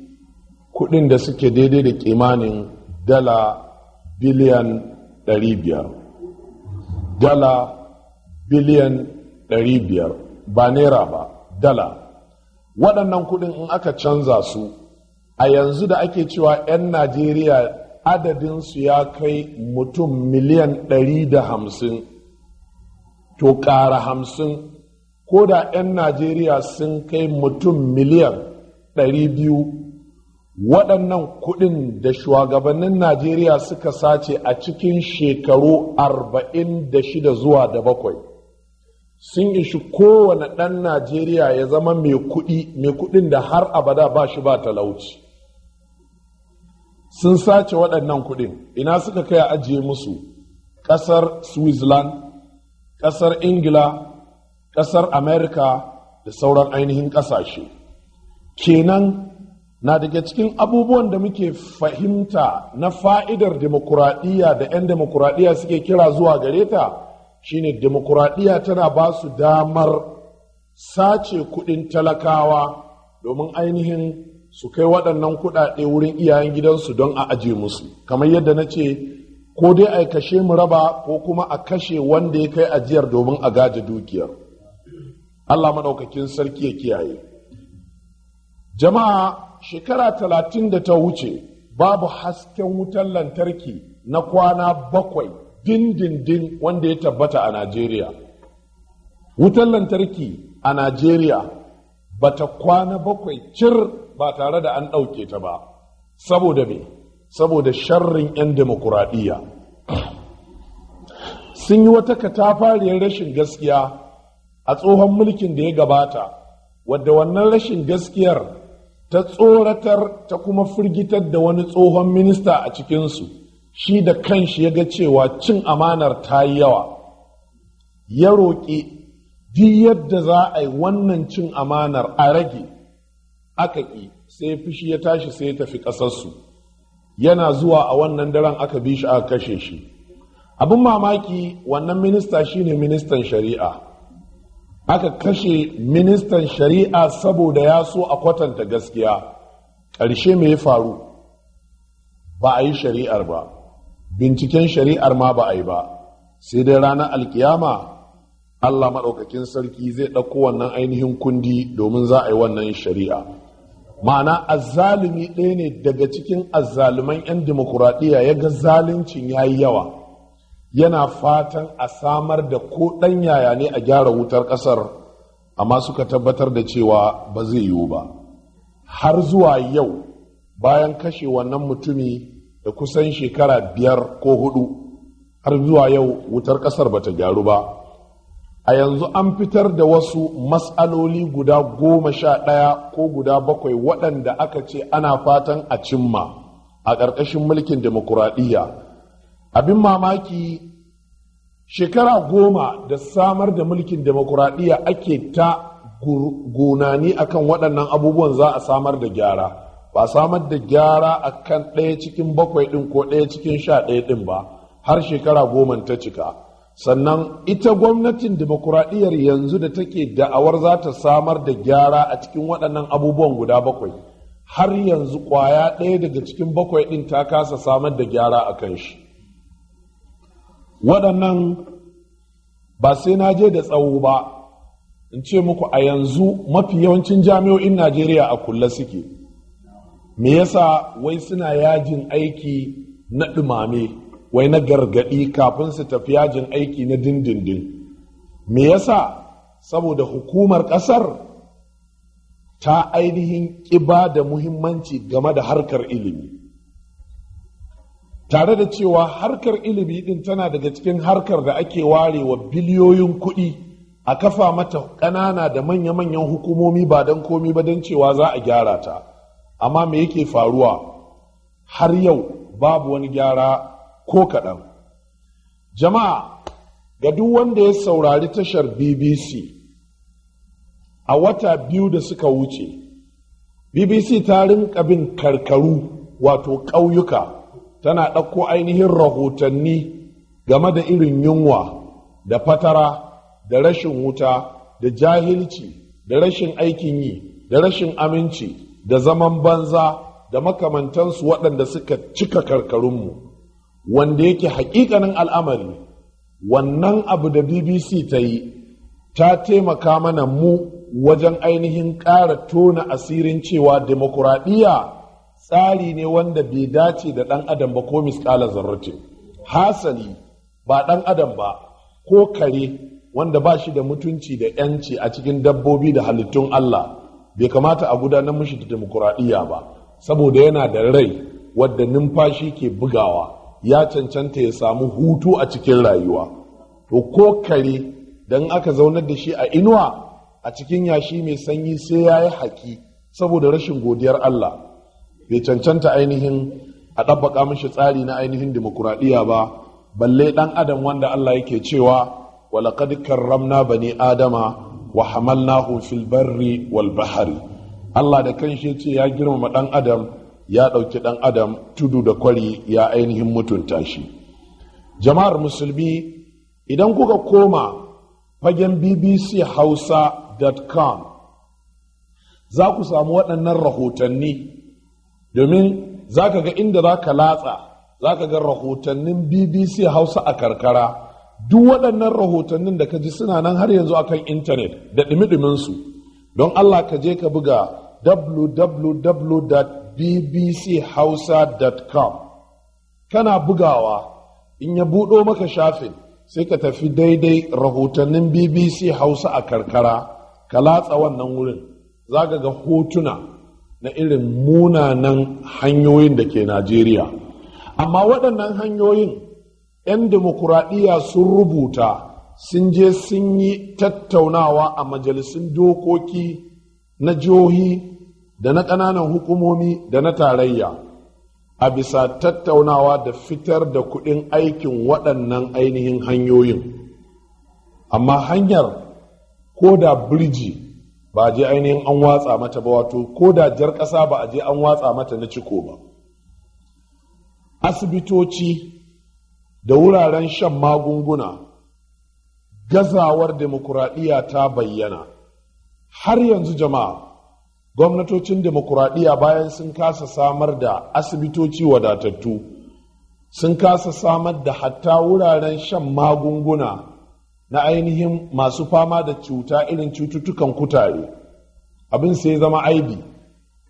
kudin da suke daidai da kimanin dala biliyan 500 dala biliyan 500 ba naira ba dala waɗannan kudin in aka canza su a yanzu da ake cewa 'yan najeriya adadin su ya kai mutum miliyan 150 to ƙara hamsin ko da 'yan najeriya sun kai mutum miliyan 200 waɗannan kuɗin da shugabannin najeriya suka sace a cikin shekaru 46 zuwa da bakwai sun ishi kowane ɗan najeriya ya zama mai kuɗi mai kuɗin da har abada ba shi ba talauci sun sace waɗannan kuɗin ina suka kai ajiye musu ƙasar switzerland ƙasar ingila ƙasar america da sauran ainihin ƙasashe kenan na daga cikin abubuwan da muke fahimta na fa'idar demokuraɗiyya da 'yan demokuraɗiyya suke kira zuwa gare ta shine demokuraɗiyya tana ba su damar sace kuɗin talakawa domin ainihin su kai waɗannan kuɗaɗe wurin iyayen gidansu don a aje musu kamar yadda na ce ko dai a kashe mu raba ko kuma a kashe wanda ya kai ajiyar domin a gaje dukiyar allah maɗaukakin sarki ya kiyaye jama'a shekara talatin da ta wuce babu hasken wutar lantarki na kwana bakwai dindindin wanda ya tabbata a Najeriya. Wutar lantarki a Najeriya ba ta kwana bakwai cir ba tare da an ɗauke ta ba, saboda me, saboda sharrin 'yan demokuraɗiyya. Sun yi wata katafariyar rashin gaskiya a tsohon mulkin da ya gabata, wadda wannan rashin gaskiyar ta tsoratar ta kuma firgitar da wani tsohon minista a cikinsu shi da kanshi ya ga cewa cin amanar ta yi yawa ya roƙi duk yadda za a yi wannan cin amanar a rage aka ƙi sai fushi ya tashi sai ya tafi ƙasarsu yana zuwa a wannan daren aka bi shi aka kashe shi abin mamaki wannan minista shine ministan shari'a aka kashe ministan shari'a saboda ya so a kwatanta gaskiya ƙarshe me faru ba a yi shari'ar ba binciken shari'ar ma ba a yi ba sai dai ranar alkiyama Allah maɗaukakin sarki zai ɗauko wannan ainihin kundi domin za a yi wannan shari'a ma'ana azzalumi ɗaya ne daga cikin azzaluman 'yan dimokuraɗiyya ya ga zaluncin ya yi yawa yana fatan a samar da ko ɗan yaya ne a gyara wutar ƙasar amma suka tabbatar da cewa ba zai yiwu ba har zuwa yau bayan kashe wannan mutumi da kusan shekara biyar ko hudu har zuwa yau wutar ƙasar ba ta gyaru ba a yanzu an fitar da wasu matsaloli guda goma sha ɗaya ko guda bakwai waɗanda aka ce ana fatan a cimma a ƙarƙashin mulkin demokuraɗiyya abin mamaki shekara goma da samar da mulkin demokuraɗiyya ake ta gonani akan waɗannan abubuwan za a samar da gyara ba samar da gyara akan ɗaya cikin bakwai ɗin ko ɗaya cikin sha ɗaya ɗin ba har shekara goma ta cika sannan ita gwamnatin demokuraɗiyyar yanzu da take da'awar za ta samar da gyara a cikin waɗannan abubuwan guda bakwai har yanzu ƙwaya ɗaya daga cikin bakwai ɗin ta kasa samar da gyara a kan shi waɗannan ba sai na je da tsawo ba in ce muku a yanzu mafi yawancin jami'o'in najeriya a kulle suke me yasa wai suna yajin aiki na ɗumame wai na gargaɗi kafin su tafi yajin aiki na dindindin me yasa saboda hukumar ƙasar ta ainihin ƙiba da muhimmanci game da harkar ilimi tare da cewa harkar ilimi din tana daga cikin harkar da ake ware wa biliyoyin kuɗi a kafa mata ƙanana da manya-manyan hukumomi ba don komi ba don cewa za a gyara ta amma me yake faruwa har yau babu wani gyara ko kaɗan jama'a ga duk wanda ya saurari tashar bbc a wata biyu da suka wuce bbc ta rinka bin karkaru wato ƙauyuka tana ɗauko ainihin rahotanni game da irin yunwa da fatara da rashin wuta da jahilci da rashin aikin yi da rashin aminci da zaman banza da makamantansu waɗanda suka cika karkarunmu wanda yake hakikanin al'amari wannan abu da bbc ta yi ta taimaka mana mu wajen ainihin ƙara tona asirin cewa demokuraɗiyya tsari ne wanda bai dace da ɗan adam ba ko miskala zarrace hasali ba ɗan adam ba ko kare wanda ba shi da mutunci da yanci a cikin dabbobi da halittun Allah bai kamata a gudanar mushi da demokuraɗiyya ba saboda yana da rai wadda numfashi ke bugawa ya cancanta ya samu hutu a cikin rayuwa to ko kare don aka zaunar da shi a inuwa a cikin yashi mai sanyi sai ya yi haƙi saboda rashin godiyar Allah bai cancanta ainihin a ɗabbaka mishi tsari na ainihin dimokuraɗiyya ba balle ɗan adam wanda Allah yake cewa walaƙad karramna bani adama wa hamalnahu fil barri wal bahari Allah da kanshi ce ya girmama ɗan adam ya ɗauki ɗan adam tudu da kwari ya ainihin mutunta shi jama'ar musulmi idan kuka koma fagen bbchausa.com za ku samu waɗannan rahotanni domin za ka ga inda za ka latsa za ka ga rahotannin bbc hausa a karkara duk waɗannan rahotannin da ka ji suna nan har yanzu a kan intanet da ɗimi-ɗiminsu don allah ka je ka buga www.bbchausa.com kana bugawa in ya buɗo maka shafin sai ka tafi daidai rahotannin bbc hausa a karkara ka latsa wannan wurin za ga hotuna na irin munanan hanyoyin da ke najeriya amma waɗannan hanyoyin 'yan demokuraɗiyya sun rubuta sun je sun yi tattaunawa a majalisun dokoki na jihohi da na ƙananan hukumomi da na tarayya a bisa tattaunawa da fitar da kuɗin aikin waɗannan ainihin hanyoyin amma hanyar ko da birji ba a je ainihin an watsa mata ba wato ko da jar ƙasa ba a je an watsa mata na ciko ba asibitoci da wuraren shan magunguna gazawar demokuraɗiyya ta bayyana har yanzu jama'a gwamnatocin demokuraɗiyya bayan sun kasa samar da asibitoci wadatattu sun kasa samar da hatta wuraren shan magunguna na ainihin masu fama da cuta irin cututtukan kutare abin sai zama aibi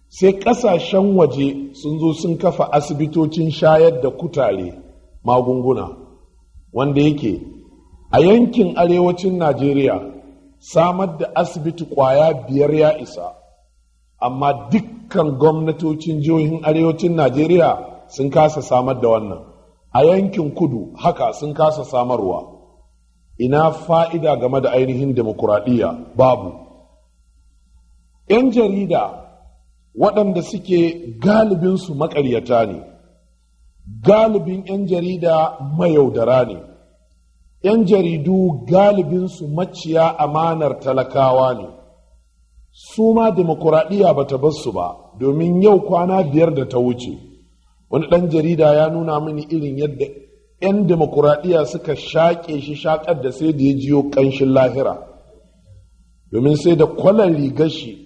sai kasashen waje sun zo sun kafa asibitocin shayar da kutare magunguna wanda yake a yankin arewacin najeriya samar da asibiti kwaya biyar ya isa amma dukkan gwamnatocin jihohin arewacin najeriya sun kasa samar da wannan a yankin kudu haka sun kasa samarwa ina fa'ida game da ainihin demokuraɗiyya babu ‘yan jarida waɗanda suke galibinsu maƙaryata ne galibin ‘yan jarida mayaudara ne ‘yan jaridu galibinsu maciya amanar talakawa ne su ma demokuraɗiyya ba ta basu ba domin yau kwana biyar da ta wuce wani ɗan jarida ya nuna mini irin yadda 'yan demokuraɗiyya suka shaƙe shi shaƙar da sai da ya jiyo ƙanshin lahira domin sai da kwalar rigar shi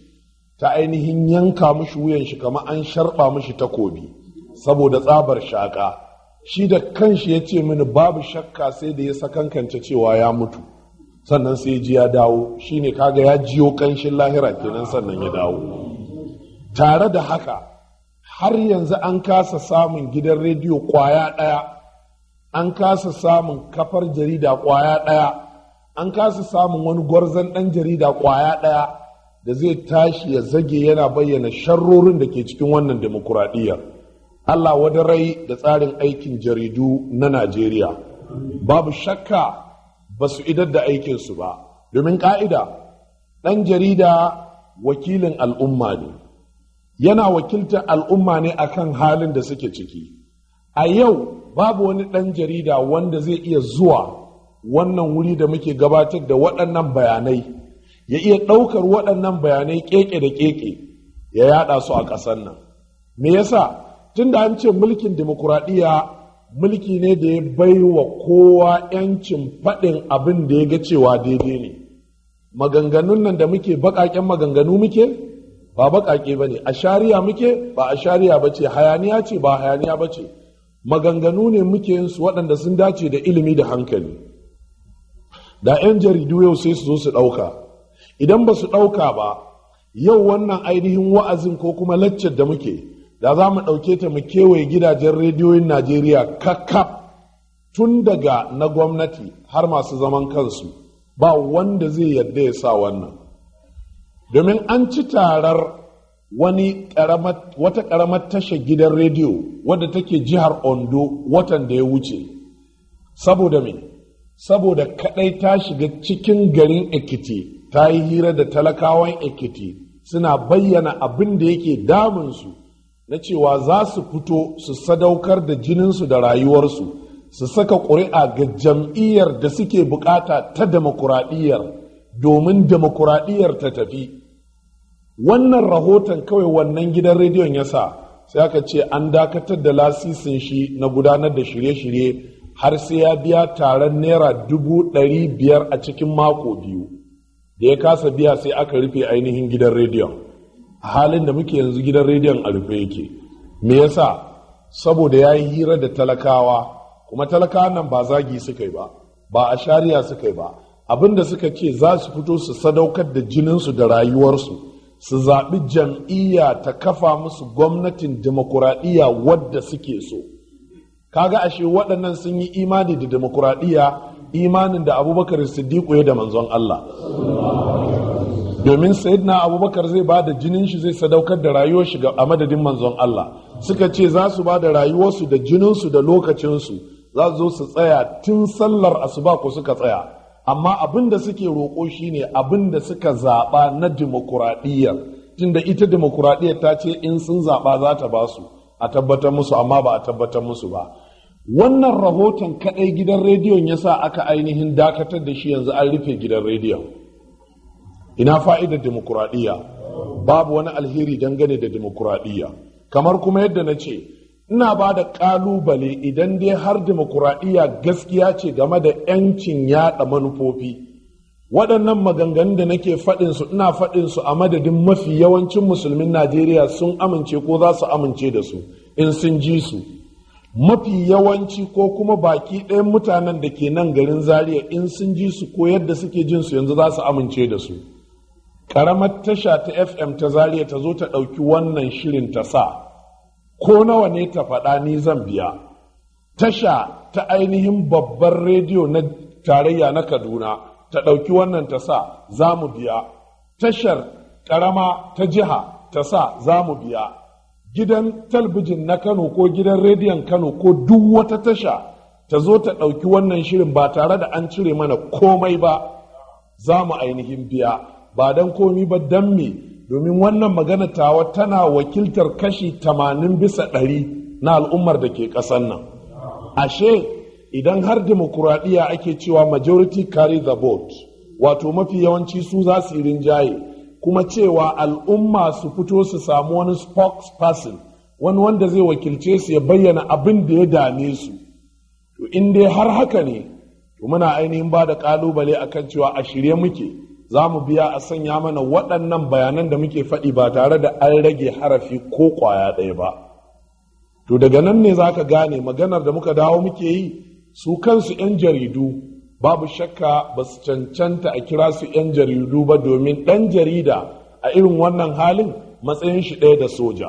ta ainihin yanka mushi wuyan shi kama an sharɓa mushi takobi saboda tsabar shaƙa shi da kanshi ya ce mini babu shakka sai da ya sakankance cewa ya mutu sannan sai ji ya dawo shine kaga ya jiyo ƙanshin lahira kenan sannan ya dawo tare da haka har yanzu an kasa samun gidan rediyo kwaya ɗaya an kasa samun kafar jarida kwaya ɗaya an kasa samun wani gwarzon ɗan jarida kwaya ɗaya da zai tashi ya zage yana bayyana sharrorin da ke cikin wannan demokuraɗiyyar allah wada rai da tsarin aikin jaridu na najeriya babu shakka ba su idar da aikinsu ba domin ƙa'ida ɗan jarida wakilin al'umma ne yana wakiltar al'umma ne akan halin da suke ciki a yau babu wani ɗan jarida wanda zai iya zuwa wannan wuri da muke gabatar da waɗannan bayanai ya iya ɗaukar waɗannan bayanai keke da keke ya yada su a ƙasar nan me yasa tunda an ce mulkin demokuraɗiyya mulki ne da ya bai wa kowa 'yancin faɗin abin da ya ga cewa daidai ne maganganun nan da muke baƙaƙen maganganu muke ba baƙaƙe ba ne a shari'a muke ba a shari'a ba ce hayaniya ce ba hayaniya ba ce maganganu ne muke yin su waɗanda sun dace da ilimi da hankali da 'yan jaridu yau sai su zo su ɗauka idan ba su ɗauka ba yau wannan ainihin wa'azin ko kuma laccar da muke da za mu ɗauke ta mu kewaye gidajen rediyoyin najeriya kakkaf tun daga na gwamnati har masu zaman kansu ba wanda zai yarda ya sa wannan domin an ci tarar wani wata ƙaramar tashar gidan rediyo wadda take jihar ondo watan da ya wuce saboda me saboda kadai ta shiga cikin garin ekiti ta yi hira da talakawan ekiti suna bayyana abin da yake damunsu na cewa za su fito su sadaukar da jininsu da rayuwarsu su saka ƙuri'a ga jam'iyyar da suke bukata ta demokuraɗiyyar domin demokuraɗiyyar ta tafi wannan rahoton kawai wannan gidan rediyon ya sa sai aka ce an dakatar da lasisin shi na gudanar da shirye-shirye har sai ya biya taron naira dubu ɗari biyar a cikin mako biyu da ya kasa biya sai aka rufe ainihin gidan rediyon a halin da muke yanzu gidan rediyon a rufe yake me yasa saboda ya yi hira da talakawa kuma talakawa nan ba zagi suka yi ba ba a shari'a suka yi ba abinda suka ce za su fito su sadaukar da jininsu da rayuwarsu su zaɓi jam'iyya ta kafa musu gwamnatin demokuraɗiyya wadda suke so kaga ashe waɗannan sun yi imani da demokuraɗiyya imanin da abubakar siddiqu ya da manzon Allah domin na abubakar zai ba da jinin shi zai sadaukar da rayuwar shi a madadin manzon Allah suka ce za su ba da rayuwarsu da jininsu da lokacinsu za su zo su tsaya tun sallar asuba ko suka tsaya amma abin da suke roƙo shine abin da suka zaɓa na dimokuraɗiyya tunda ita dimokuraɗiyya ta ce in sun zaɓa za ta ba su a tabbatar musu amma ba a tabbatar musu ba wannan rahoton kaɗai gidan rediyon ya sa aka ainihin dakatar da shi yanzu an rufe gidan rediyon ina fa'idar dimokuraɗiyya babu wani alheri dangane da dimokuraɗiyya kamar kuma yadda na ce ina ba da kalubale idan dai har dimokuraɗiyya gaskiya ce game da 'yancin yaɗa manufofi waɗannan maganganu da nake faɗinsu ina faɗinsu a madadin mafi yawancin musulmin najeriya sun amince ko za su amince da su in sun ji su mafi yawanci ko kuma baki ɗayan mutanen da ke nan garin zaria in sun ji su ko yadda suke jin su yanzu za su amince da su ƙaramar tasha ta fm ta zaria ta zo ta ɗauki wannan shirin ta sa ko nawa ne ta faɗa ni zan biya tasha ta ainihin babbar rediyo na tarayya na kaduna ta ɗauki wannan ta sa za mu biya tashar ƙarama ta jiha ta sa za mu biya gidan talbijin na kano ko gidan rediyon kano ko duk wata tasha ta zo ta ɗauki wannan shirin ba tare da an cire mana komai ba za mu ainihin biya ba don komi ba don me domin wannan magana tawa tana wakiltar kashi tamanin bisa ɗari na al'ummar da ke ƙasar nan ashe idan har demokuraɗiyya ake cewa majority carry the vote wato mafi yawanci su za su yi rinjaye kuma cewa al'umma su fito su samu wani spokesperson wani wanda zai wakilce su ya bayyana abin da ya dame su to in dai har haka ne to muna ainihin ba da ƙalubale akan cewa a shirye muke za mu biya a sanya mana waɗannan bayanan da muke faɗi ba tare da an rage harafi ko ƙwaya ɗaya ba to daga nan ne za ka gane maganar da muka dawo muke yi su kansu 'yan jaridu babu shakka ba su cancanta a kira su 'yan jaridu ba domin ɗan jarida a irin wannan halin matsayin shi ɗaya da soja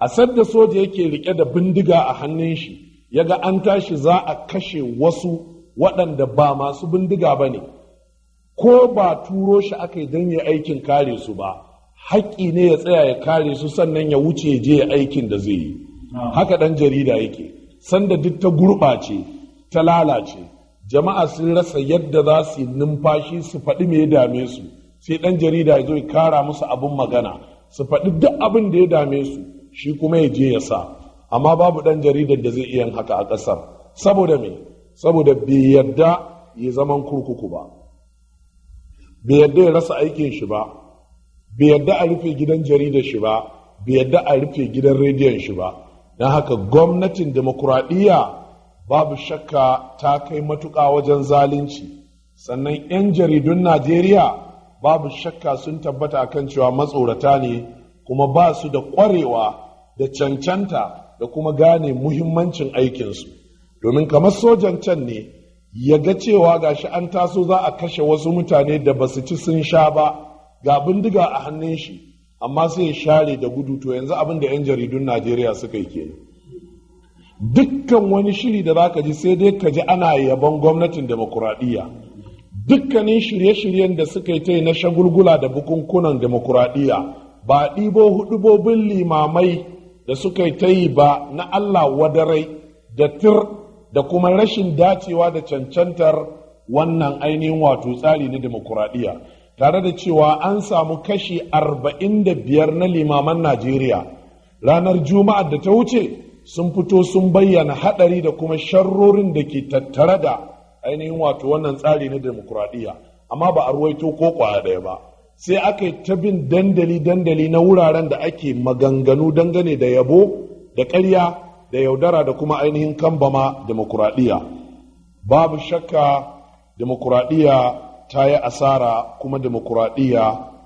a da soja yake rike da bindiga a hannun shi ya ga an tashi za a kashe wasu waɗanda ba masu bindiga ba ne ko ba turo shi aka yi don ya aikin kare su ba haƙƙi ne ya tsaya ya kare su sannan ya wuce je ya aikin da zai yi haka ɗan jarida yake sanda duk ta gurɓace ta lalace jama'a sun rasa yadda za su numfashi su faɗi me ya dame su sai ɗan jarida ya zo ya kara musu abin magana su faɗi duk abin da ya dame su shi kuma ya je ya sa amma babu ɗan jaridar da zai iya haka a ƙasar saboda me saboda bai yarda ya zaman kurkuku ba bai yadda ya rasa aikin shi ba bai yadda a rufe gidan jaridar shi ba bai yadda a rufe gidan rediyon shi ba don haka gwamnatin demokuraɗiyya babu shakka ta kai matuƙa wajen zalunci sannan 'yan jaridun najeriya babu shakka sun tabbata kan cewa matsorata ne kuma ba su da ƙwarewa da cancanta da kuma gane muhimmancin aikinsu domin kamar sojan can ne ya ga cewa gashi an taso za a kashe wasu mutane da ba su ci sun sha ba ga bindiga a hannun shi amma sai ya share da gudu to yanzu abin da 'yan jaridun najeriya suka yi ke. dukkan wani shiri da zaka ji sai dai ka ji ana yabon gwamnatin demokuraɗiyya dukkanin shirye-shiryen da suka yi ta na shagulgula da bukunkunan demokuraɗiyya ba ɗibo hudubobin limamai da suka yi ta yi ba na allah wadarai da tir da kuma rashin dacewa da cancantar wannan ainihin wato tsari na demokuraɗiyya tare da cewa an samu kashi 45 na limaman najeriya ranar juma'a da ta wuce sun fito sun bayyana haɗari da kuma sharrorin da ke tattare da ainihin wato wannan tsari na demokuraɗiyya amma ba a ruwaito ko kwaya ɗaya ba sai aka yi ta bin dandali-dandali na wuraren da ake maganganu dangane da yabo da karya. da yaudara da kuma ainihin kambama demokuraɗiyya babu shakka demokuraɗiyya ta yi asara kuma demokuraɗiyya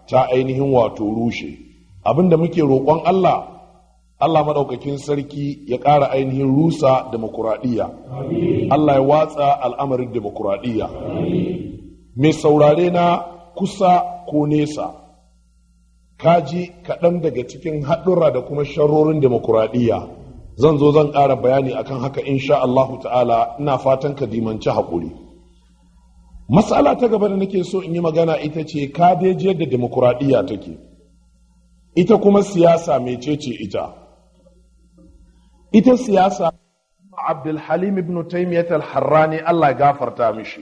ta ainihin wato rushe abin da muke roƙon allah allah maɗaukakin sarki ya ƙara ainihin rusa demokuraɗiyya allah ya watsa al'amarin demokuraɗiyya mai saurare na kusa ko nesa kaji kaɗan daga cikin haɗura da kuma sharorin demokuraɗiyya zan zo zan ƙara bayani akan haka insha Allahu ta'ala ina fatan ka dimanci haƙuri matsala ta gaba da nake so in yi magana ita ce kadejiyar da demokuraɗiyya take ita kuma siyasa mecece ita ita siyasa abdulhalim ibn taimiyyat al-harrani Allah gafarta mishi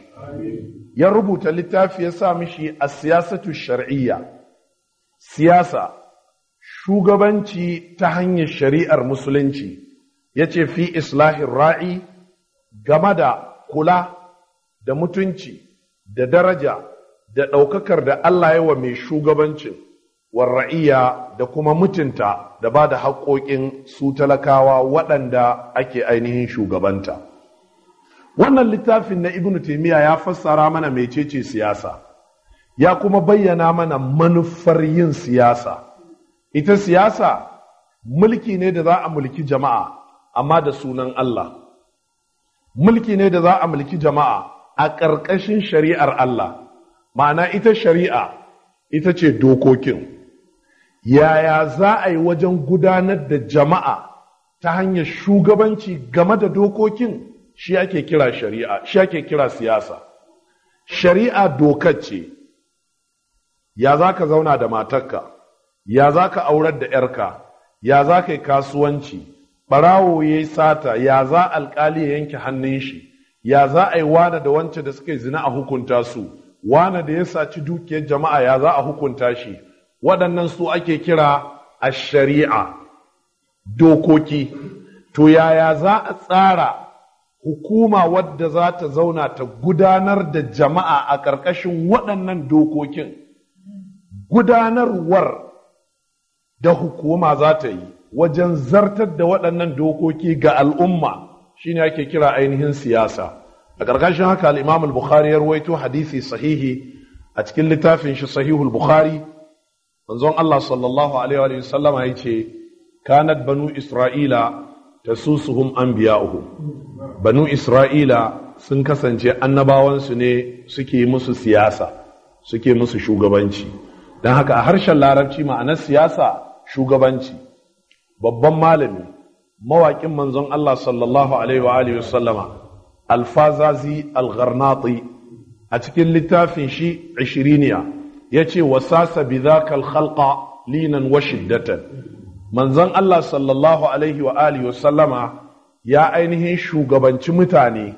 ya rubuta littafi ya sa mishi a siyasatu shar'iyya siyasa shugabanci ta hanyar shari'ar musulunci Ya ce fi islahin ra'i game da kula da mutunci da daraja da ɗaukakar da Allah wa mai shugabancin wa ra'iya da kuma mutunta da ba da haƙoƙin su talakawa waɗanda ake ainihin shugabanta wannan littafin na ibnu taimiyya ya fassara mana mai mecece siyasa ya kuma bayyana mana manufar yin siyasa ita siyasa mulki ne da za a mulki jama'a amma da sunan Allah mulki ne da za a mulki jama'a a ƙarƙashin shari'ar Allah ma'ana ita shari'a ita ce dokokin yaya za a yi wajen gudanar da jama'a ta hanyar shugabanci game da dokokin shi ake kira shari'a shi ake kira siyasa shari'a dokar ce ya za ka zauna da matarka ya za ka aurar da 'yarka ya za ka yi kasuwanci barawo ya yi sata ya za alkali ya yanke hannun shi ya za a yi wane da wance da suka yi zina a hukunta su wane da ya saci dukiyar jama'a ya za a hukunta shi waɗannan su ake kira a shari'a dokoki to yaya za a tsara hukuma wadda za ta zauna ta gudanar da jama'a a ƙarƙashin waɗannan dokokin gudanarwar da hukuma za ta yi wajen zartar da waɗannan dokoki ga al'umma shine ake kira ainihin siyasa a ƙarƙashin haka al-Imam al-Bukhari ya rawaito hadisi sahihi a cikin littafin shi Sahihul Bukhari manzon Allah sallallahu alaihi wa sallama ce, kanat banu Isra'ila tasusuhum anbiya'uhum banu Isra'ila sun kasance annabawansu ne suke musu siyasa suke musu shugabanci don haka a harshen larabci ma'anar siyasa shugabanci babban malami mawaƙin manzon Allah sallallahu alaihi wasallama alfazazi algharnati a cikin littafin shi ishiriniya yace wasasa bidhaka alkhalqa linan wa shiddatan manzon Allah sallallahu alaihi wasallama ya ainihin shugabanci mutane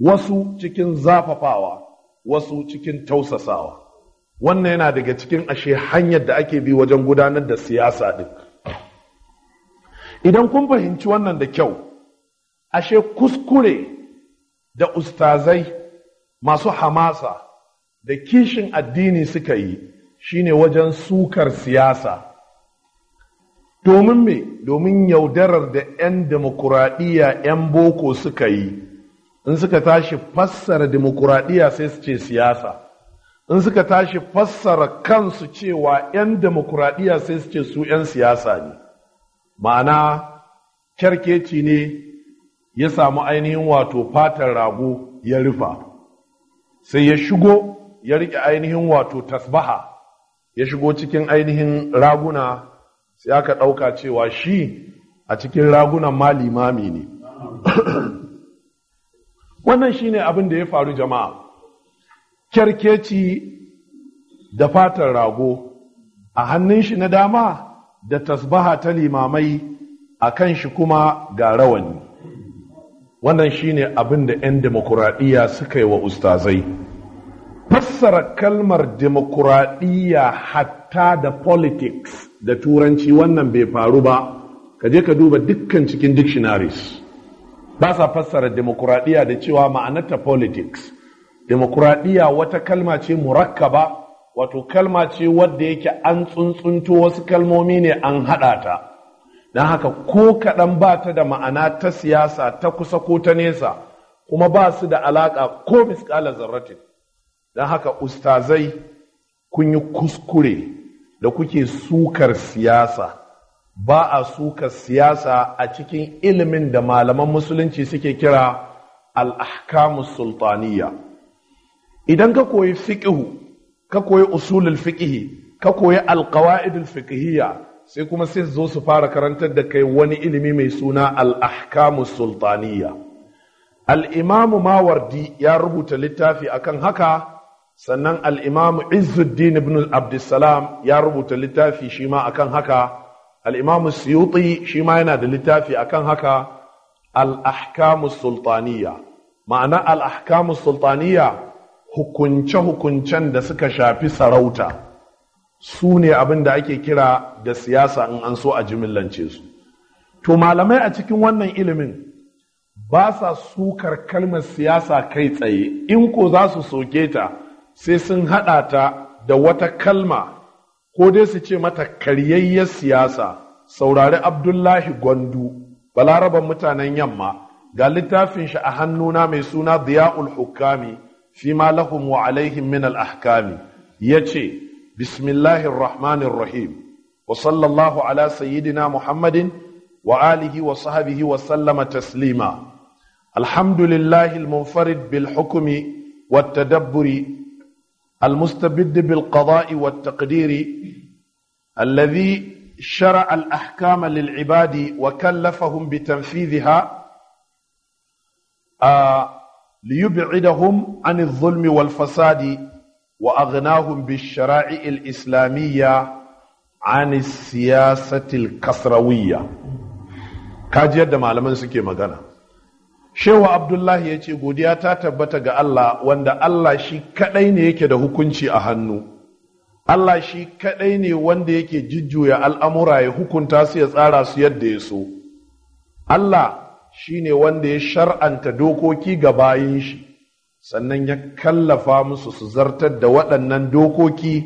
wasu cikin zafafawa wasu cikin tausasawa wannan yana daga cikin ashe hanyar da ake bi wajen gudanar da siyasa duk. idan kun fahimci wannan da kyau ashe kuskure da ustazai masu hamasa da kishin addini suka yi shine wajen sukar siyasa domin me domin yaudarar da 'yan demokuraɗiyya 'yan boko suka yi in suka tashi fassara demokuraɗiyya sai su ce siyasa in suka tashi fassara kansu cewa 'yan demokuraɗiyya sai su ce su 'yan siyasa ne ma'ana kyarkeci ne ya samu ainihin wato fatan rago ya rufa sai ya shigo ya riƙe ainihin wato tasbaha ya shigo cikin ainihin raguna sai aka ɗauka cewa shi a cikin ragunan ma limami ne wannan shi ne abin da ya faru jama'a kyarkeci da fatan rago a hannun shi na dama da tasbaha ta limamai a kan shi kuma ga rawani wannan shine abin da 'yan demokuraɗiyya suka yi wa ustazai fassara kalmar demokuraɗiyya hatta da politics da turanci wannan bai faru ba ka je ka duba dukkan cikin dictionaries ba sa fassara demokuraɗiyya da cewa ma'anarta politics demokuraɗiyya wata kalma ce murakkaba wato kalma ce wadda yake an tsuntsunto wasu kalmomi ne an haɗa ta don haka ko kaɗan ba ta da ma'ana ta siyasa ta kusa ko ta nesa kuma ba su da alaƙa ko miskala zarratin don haka ustazai kun yi kuskure da kuke sukar siyasa ba a sukar siyasa a cikin ilimin da malaman musulunci suke kira al sultaniya idan ka koyi fiƙihu ka koyi usulul fiqhi ka koyi alqawaidul fiqhiyya sai kuma sai zo su fara karantar da kai wani ilimi mai suna al-ahkamus sultaniyya al-imam mawardi ya rubuta littafi akan haka sannan al-imam izzuddin ibn abdussalam ya rubuta littafi shima akan haka al-imam suyuti shima yana da littafi akan haka al-ahkamus sultaniyya ma'ana al-ahkamus sultaniyya hukunce-hukuncen da suka shafi sarauta su ne abin da ake kira da siyasa in an so a jimillance su to malamai a cikin wannan ilimin ba sa sukar kalmar siyasa kai tsaye in ko za su soke ta sai sun haɗa ta da wata kalma ko dai su ce mata karyayyar siyasa saurari abdullahi gwandu balaraban mutanen yamma ga littafin shi a hannuna mai suna diya'ul hukami fi ma lahum wa alaihim min al-ahkami yace bismillahir rahmanir rahim wa sallallahu ala sayyidina muhammadin wa alihi wa sahbihi wa sallama taslima alhamdulillahi al-munfarid bil hukmi wat tadabburi المستبد بالقضاء ahkama الذي شرع الاحكام للعباد وكلفهم بتنفيذها آه ليبعدهم عن الظلم والفساد وأغناهم بالشرائع الإسلامية عن السياسة الكسروية كاجية دم على من سكي magana. Shehu Abdullahi ya ce, Godiya ta tabbata ga Allah, wanda Allah shi kaɗai ne yake da hukunci a hannu, Allah shi kaɗai ne wanda yake jujjuya al'amura ya hukunta su ya tsara su yadda ya so. Allah shine wanda ya shar'anta dokoki ga bayin shi sannan ya kallafa musu su zartar da waɗannan dokoki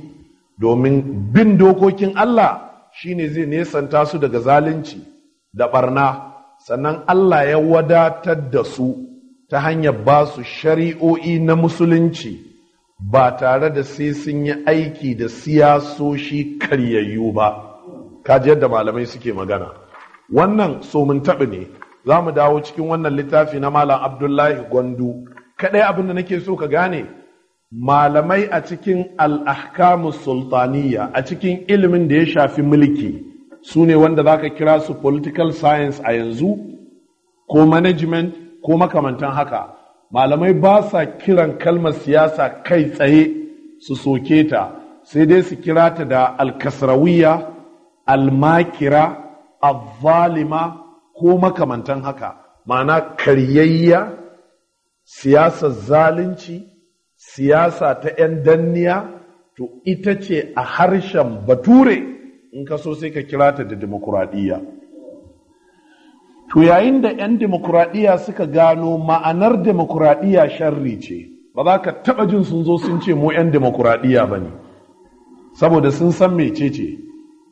domin bin dokokin Allah shine zai nesanta su daga zalunci da barna sannan Allah ya wadatar da su ta hanyar ba su shari'o'i na musulunci ba tare da sai sun yi aiki da siyasoshi karyayyu ba kaji yadda malamai suke magana wannan so mun taɓi ne za mu dawo cikin wannan littafi na malam abdullahi gwandu kaɗai abin da nake so ka gane malamai a cikin al'ahkamu sultaniya a cikin ilimin da ya shafi mulki su ne wanda za ka kira su political science a yanzu ko management ko makamantan haka malamai ba sa kiran kalmar siyasa kai tsaye su soke ta sai dai su kira ta da alkasrawiya almakira avalima. ko makamantan haka ma'ana karyayya siyasar zalunci siyasa ta 'yan danniya to ita ce a harshen bature in ka so sai ka kira ta da demokuraɗiyya to yayin da 'yan demokuraɗiyya suka gano ma'anar demokuraɗiyya sharri ce ba za ka taɓa jin sun zo sun ce mu 'yan demokuraɗiyya ba ne saboda sun san mecece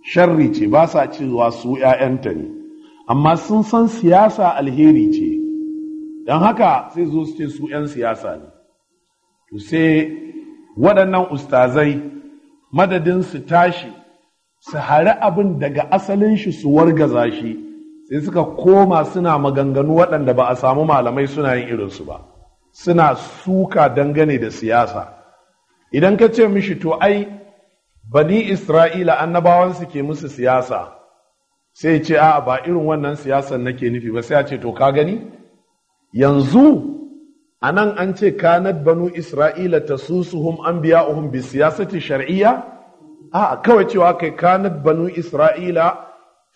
sharri ce ba sa cewa su 'ya'yanta ne amma sun san siyasa alheri ce don haka sai zo su ce su 'yan siyasa ne to sai waɗannan ustazai madadin su tashi su hari abin daga asalin shi su wargaza shi sai suka koma suna maganganu waɗanda ba a samu malamai suna yin irinsu ba suna suka dangane da siyasa idan ka ce mishi to ai bani isra'ila annabawansu ke musu siyasa sai ce a ba irin wannan siyasan nake nufi ba sai a ce to ka gani yanzu a nan an ce kanat banu isra'ila ta susuhum an biya uhum bi siyasati shar'iyya a kawai cewa kai kanat banu isra'ila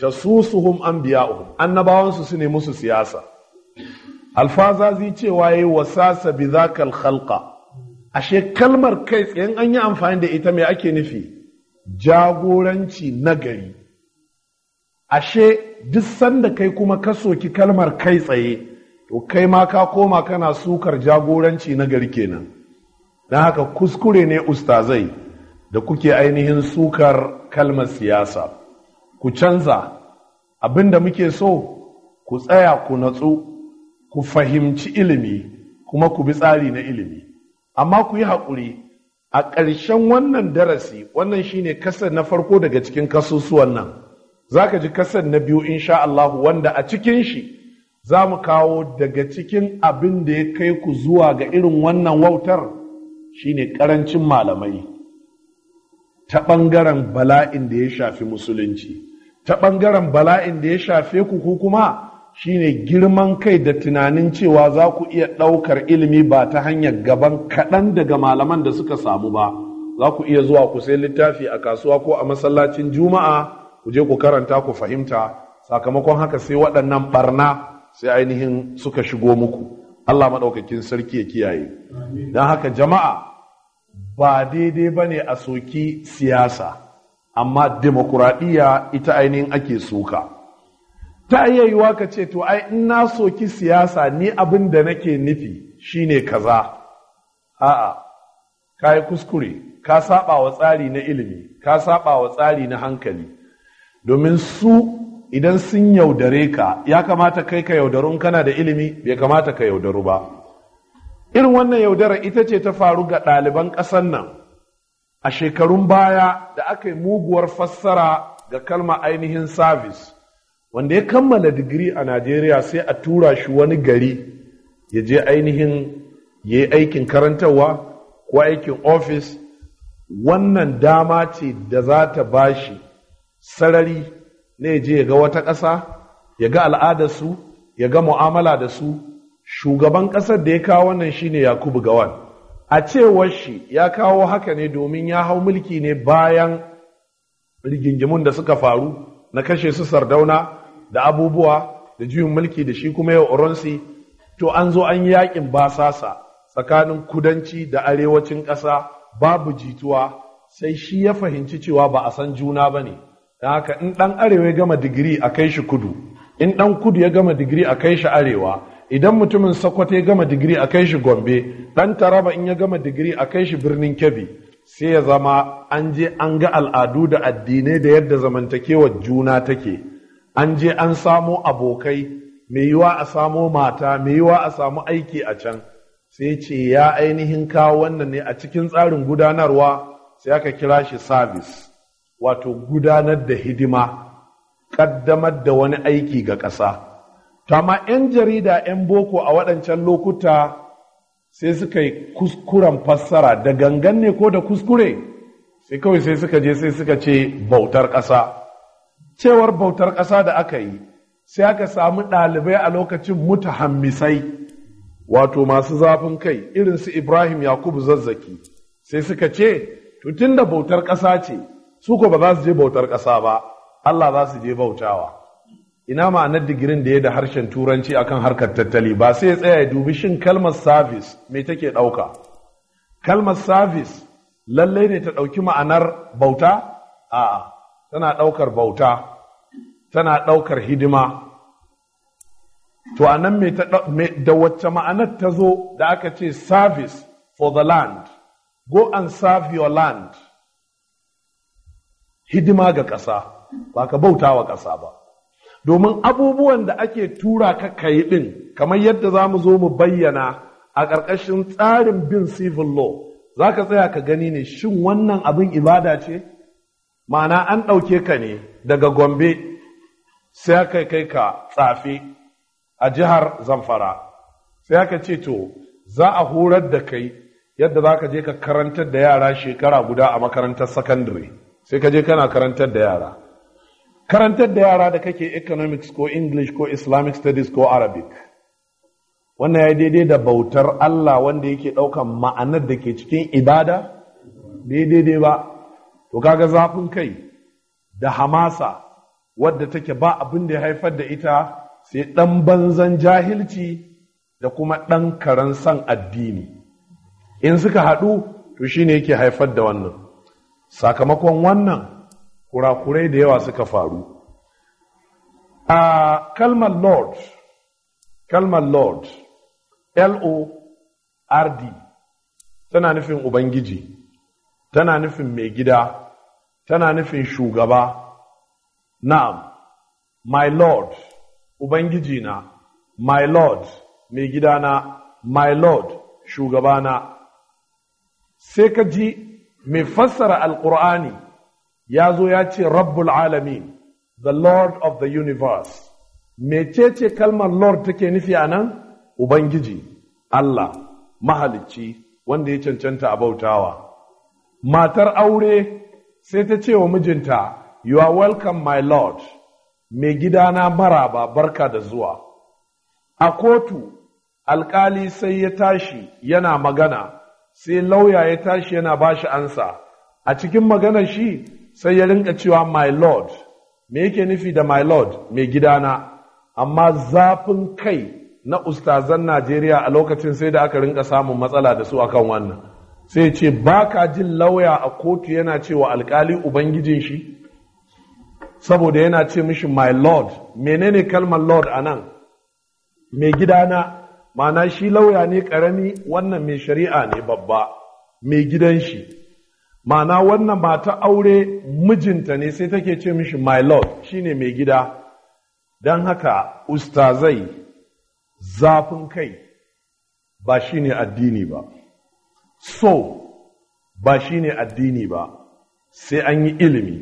ta susuhum an biya uhum annabawansu su ne musu siyasa alfazazi cewa yi wasasa bi zakal khalqa ashe kalmar kai tsayen an yi amfani da ita mai ake nufi jagoranci nagari ashe duk sanda kai kuma ka soki kalmar kai tsaye to kai ma ka koma kana sukar jagoranci na gari kenan don haka kuskure ne ustazai da kuke ainihin sukar kalmar siyasa ku canza abin da muke so ku tsaya ku natsu ku fahimci ilimi kuma ku bi tsari na ilimi amma ku yi haƙuri a ƙarshen wannan darasi wannan shine kasa na farko daga cikin kasusuwan nan Za ka ji kasan na biyu insha Allah wanda a cikin shi za mu kawo daga cikin abin da ya kai ku zuwa ga irin wannan wautar shine karancin malamai ta ɓangaren bala'in da ya shafi musulunci ta ɓangaren bala'in da ya shafe ku ku kuma shine girman kai da tunanin cewa za ku iya ɗaukar ilimi ba ta hanyar gaban kaɗan daga malaman da suka samu ba za ku iya zuwa ku sai littafi a kasuwa ko a masallacin juma'a ku je ku karanta ku fahimta sakamakon haka sai waɗannan barna sai ainihin suka shigo muku Allah maɗaukakin sarki ya kiyaye don haka jama'a ba daidai ba ne a soki siyasa amma demokuraɗiyya ita ainihin ake soka ta iya ka ce to ai in na soki siyasa ni abin da nake nufi shine kaza a'a ka yi kuskure ka saba wa tsari na ilimi ka saba wa tsari na hankali domin su idan sun yaudare ka ya kamata kai ka yaudaru kana da ilimi bai kamata ka yaudaru ba irin wannan yaudara ita ce ta faru ga ɗaliban ƙasar nan a shekarun baya da aka yi muguwar fassara ga kalma ainihin service wanda ya kammala digiri a najeriya sai a tura shi wani gari ya je ainihin ya yi aikin karantarwa ko aikin ofis wannan dama ce da za ta bashi sarari ne je ga wata ƙasa ya ga al'adarsu ya ga mu'amala da su shugaban ƙasar da ya kawo wannan shine yakubu gawan a cewar shi ya kawo haka ne domin ya hau mulki ne bayan rigingimun da suka faru na kashe su sardauna da abubuwa da juyin mulki da shi kuma yau oronsi to an zo an yi yakin basasa tsakanin kudanci da arewacin ƙasa babu jituwa sai shi ya fahimci cewa ba a san juna ba ne haka in ɗan arewa ya gama digiri a kai shi kudu in ɗan kudu ya gama digiri a kai shi arewa idan mutumin sokoto ya gama digiri a kai shi gombe ɗan taraba in ya gama digiri a kai shi birnin kebbi sai ya zama an je an ga al'adu da addinai da yadda zamantakewar juna take an je an samo abokai mai yiwa a samo mata mai yiwa a samu aiki a can sai ce ya ainihin kawo wannan ne a cikin tsarin gudanarwa sai aka kira shi sabis. wato gudanar da hidima ƙaddamar da wani aiki ga ƙasa tama 'yan jarida 'yan boko a waɗancan lokuta sai suka yi kuskuren fassara da gangan ne ko da kuskure sai kawai sai suka je sai suka ce bautar ƙasa cewar bautar ƙasa da aka yi sai aka samu ɗalibai a lokacin mutahammisai wato masu zafin kai irin su ibrahim yakubu zazzaki sai suka ce tutun da bautar ƙasa ce su ko ba za su je bautar ƙasa ba Allah za su je bautawa ina ma'anar digirin da ya da harshen turanci akan harkar tattali ba sai ya tsaya ya dubi shin kalmar service me take ɗauka kalmar service lallai ne ta ɗauki ma'anar bauta a'a tana ɗaukar bauta tana ɗaukar hidima to a nan da wacce ma'anar ta zo da aka ce service for the land go and serve your land hidima ga ƙasa ba ka bauta wa ƙasa ba domin abubuwan da ake tura ka kai ɗin kamar yadda za mu zo mu bayyana a ƙarƙashin tsarin bin civil law za ka tsaya ka gani ne shin wannan abin ibada ce ma'ana an ɗauke ka ne daga gombe sai aka kai ka tsafe a jihar zamfara sai ka ce to za a horar da kai yadda za ka je ka karantar da yara shekara guda a makarantar sakandare sai ka je kana karantar da yara karantar da yara da kake economics ko english ko islamic studies ko arabic wannan ya daidai da bautar allah wanda yake ɗaukan ma'anar da ke cikin ibada daidai ba to kaga zafin kai da hamasa wadda take ba abin da ya haifar da ita sai ɗan banzan jahilci da kuma ɗan karen san addini in suka haɗu to shine yake haifar da wannan sakamakon wannan kurakurai da yawa suka faru a kalmar lord kalmar lord l-o-r-d tana nufin ubangiji tana nufin mai gida tana nufin shugaba Na, my lord ubangiji na my lord mai gida na my lord na sai ka ji mai fassara Alƙur'ani ya zo ya ce rabbul alami the lord of the universe mecece kalmar lord take nufi a nan ubangiji allah mahalicci wanda ya cancanta a bautawa matar aure sai ta ce wa mijinta you are welcome my lord mai gidana mara ba, barka da zuwa a kotu alkali sai ya tashi yana magana sai lauya ya tashi yana ba shi ansa a cikin maganar shi sai ya rinka cewa my lord me yake nufi da my lord mai gidana amma zafin kai na ustazan najeriya a lokacin sai da aka rinka samun matsala da su akan wannan sai ce ba ka jin lauya a kotu yana cewa alkali ubangijin shi saboda yana ce mishi my lord menene kalmar lord a nan mai gidana mana shi lauya ne ƙarami wannan mai shari'a ne babba mai gidan shi mana wannan mata aure mijinta ne sai take ce mishi my lord shine mai gida don haka ustazai zafin kai ba shine addini ba so ba shine addini ba sai an yi ilimi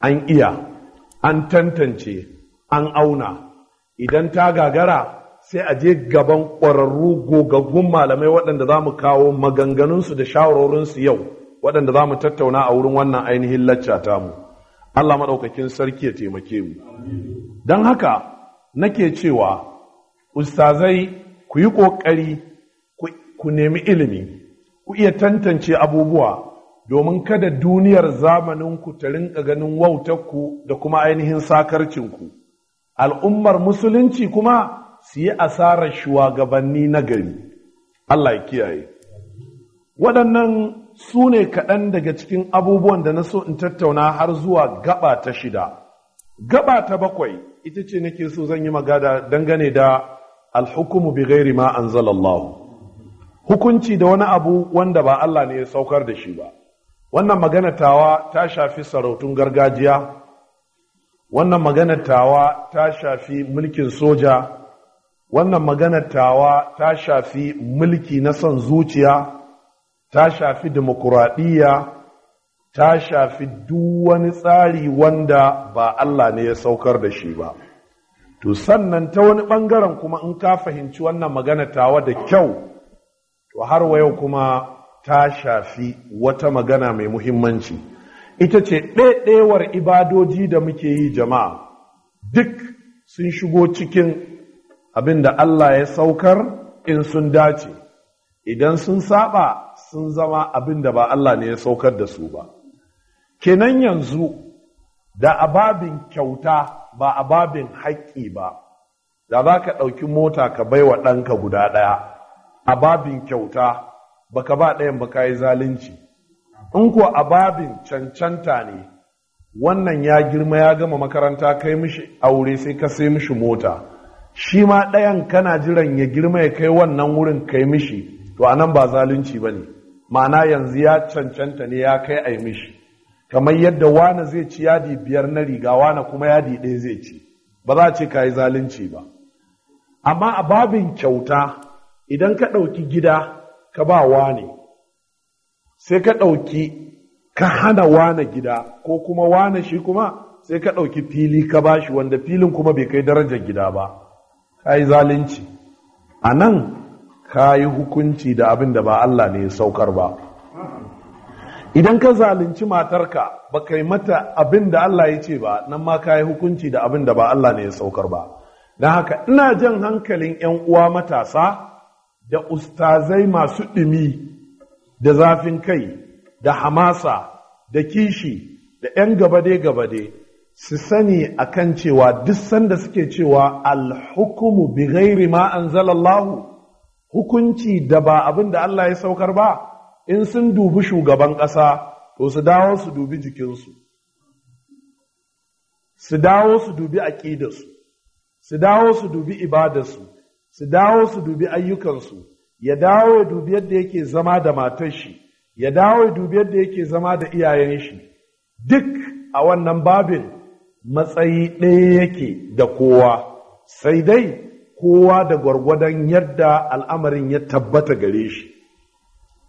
an iya an tantance an auna idan ta gagara sai a je gaban ƙwararru gogaggun malamai waɗanda za mu kawo maganganunsu da shawarorinsu yau waɗanda za mu tattauna a wurin wannan ainihin lacca ta mu. Allah maɗaukakin sarki ya taimake mu don haka nake cewa ustazai ku yi ƙoƙari ku nemi ilimi ku iya tantance abubuwa domin kada duniyar zamaninku ta rinka ganin wautarku da kuma ainihin sakarcinku al'ummar musulunci kuma su yi asarar shugabanni na gari Allah ya kiyaye waɗannan su ne kaɗan daga cikin abubuwan da na so in tattauna har zuwa gaba ta shida gaba ta bakwai ita ce nake so zan yi magana dangane da alhukumu bi ghairi ma anzalallahu hukunci da wani abu wanda ba Allah ne ya saukar da shi ba wannan magana tawa ta shafi sarautun gargajiya wannan magana tawa ta shafi mulkin soja wannan maganar tawa ta shafi mulki na son zuciya ta shafi demokuraɗiyya ta shafi duk wani tsari wanda ba Allah ne ya saukar da shi ba to sannan ta wani ɓangaren kuma in ka fahimci wannan magana tawa da kyau to har wa yau kuma ta shafi wata magana mai muhimmanci ita ce ɗaiɗewar ibadoji da muke yi jama'a duk sun shigo cikin Abin da Allah ya saukar in sun dace idan sun saba sun zama abin da ba Allah ne ya saukar da su ba kenan yanzu da ababin kyauta ba ababin haƙƙi ba da za ka ɗauki mota ka bai wa ɗanka guda ɗaya ababin kyauta baka ba ɗayan ba ka yi zalunci in ko ababin cancanta ne wannan ya girma ya gama makaranta kai mishi aure sai ka sai mishi mota shi ma ɗayan kana jiran ya girma ya kai wannan wurin kai mishi to a nan ba zalunci ba ne ma'ana yanzu ya cancanta ne ya kai a mishi kamar yadda wane zai ci yadi biyar na riga wane kuma yadi ɗaya zai ci ba za a ce ka yi zalunci ba amma a babin kyauta idan ka ɗauki gida ka ba wane sai ka ɗauki ka hana wane gida ko kuma wane shi kuma sai ka ɗauki fili ka bashi wanda filin kuma bai kai darajar gida ba ka yi zalunci a nan ka yi hukunci da abin da ba Allah ne ya saukar ba idan ka zalunci matarka ba kai mata abin da Allah ya ce ba nan ma ka yi hukunci da abin da ba Allah ne ya saukar ba don haka ina jan hankalin 'yan uwa matasa da ustazai masu ɗumi da zafin kai da hamasa da kishi da 'yan gabade-gabade su sani a kan cewa duk sanda suke cewa alhukumu bi ghairi ma anzalallahu hukunci da ba abin da Allah ya saukar ba in sun dubi shugaban ƙasa to su dawo su dubi jikinsu su dawo su dubi aƙidarsu su dawo su dubi ibadarsu su dawo su dubi ayyukansu ya dawo ya dubi yadda yake zama da matar shi ya dawo ya dubi yadda yake zama da iyayen shi duk a wannan babin matsayi ɗaya yake da kowa sai dai kowa da gwargwadon yadda al'amarin ya tabbata gare shi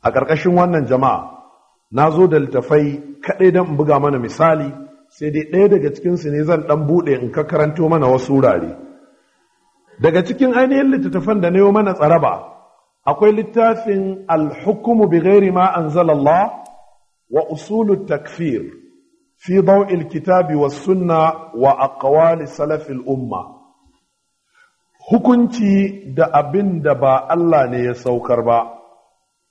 a ƙarƙashin wannan jama'a na zo da littafai kaɗai don in buga mana misali sai dai ɗaya daga cikinsu ne zan ɗan buɗe in ka karanto mana wasu wurare daga cikin ainihin littattafan da na yi mana tsaraba akwai littafin alhukumu bi ghairi ma anzalallah wa usulu takfir fi ضوء kitabi والسنة sunna wa الأمة salafil umma hukunci da abin da ba Allah ne ya saukar ba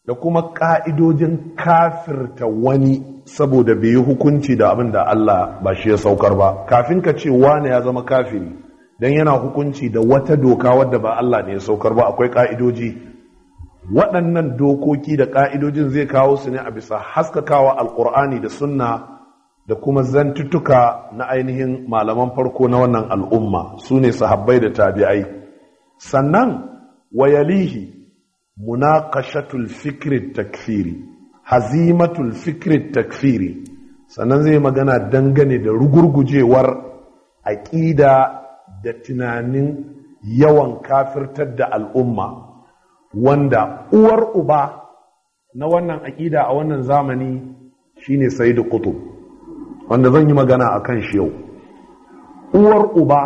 da kuma ƙa'idojin kafirta wani saboda bai yi hukunci da abin da Allah ba shi ya saukar ba kafin ka ce wane ya zama kafiri don yana hukunci da wata doka wadda ba Allah ne ya saukar ba akwai ka'idoji? waɗannan dokoki da ka'idojin zai kawo su ne a bisa haskakawa alƙur'ani da sunna da kuma zantuttuka na ainihin malaman farko na wannan al'umma su ne sahabbai da tabi'ai sannan wayalihi munakashatul fikri takfiri hazimatul fikri takfiri sannan zai magana dangane da rugurgujewar aƙida da tunanin yawan kafirtar da al'umma wanda uwar uba na wannan aƙida a wannan zamani shine sayyidu qutb wanda zan yi magana a kan shi yau uwar uba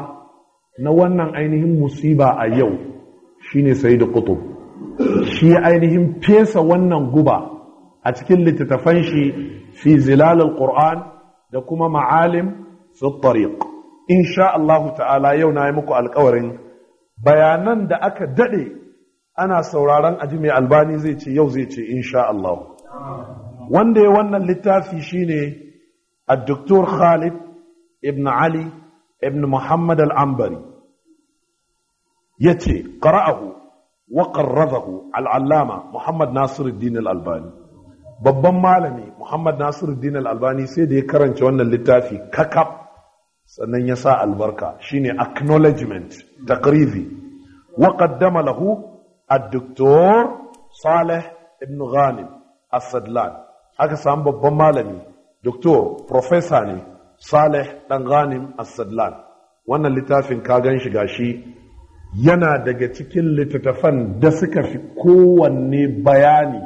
na wannan ainihin musiba a yau shine sayyid kutu shi ainihin fesa wannan guba a cikin littattafan shi fi zilal alquran da kuma ma'alim fi tariq Allah ta'ala yau na yi muku alkawarin bayanan da aka dade ana sauraron aji mai albani zai ce yau zai ce insha Allah wanda ya wannan littafi shine الدكتور خالد ابن علي ابن محمد العنبري يتي قرأه وقرره العلامة محمد ناصر الدين الألباني بابا مالمي محمد ناصر الدين الألباني سيدي كرنج وانا اللتافي ككب سنن يساء البركة شيني اكنولجمنت تقريبي وقدم له الدكتور صالح ابن غانم السدلان هكذا سام مالمي Dr profesa ne saleh ɗan ghanim as wannan littafin ka gan shi gashi yana daga cikin littattafan da suka fi kowanne bayani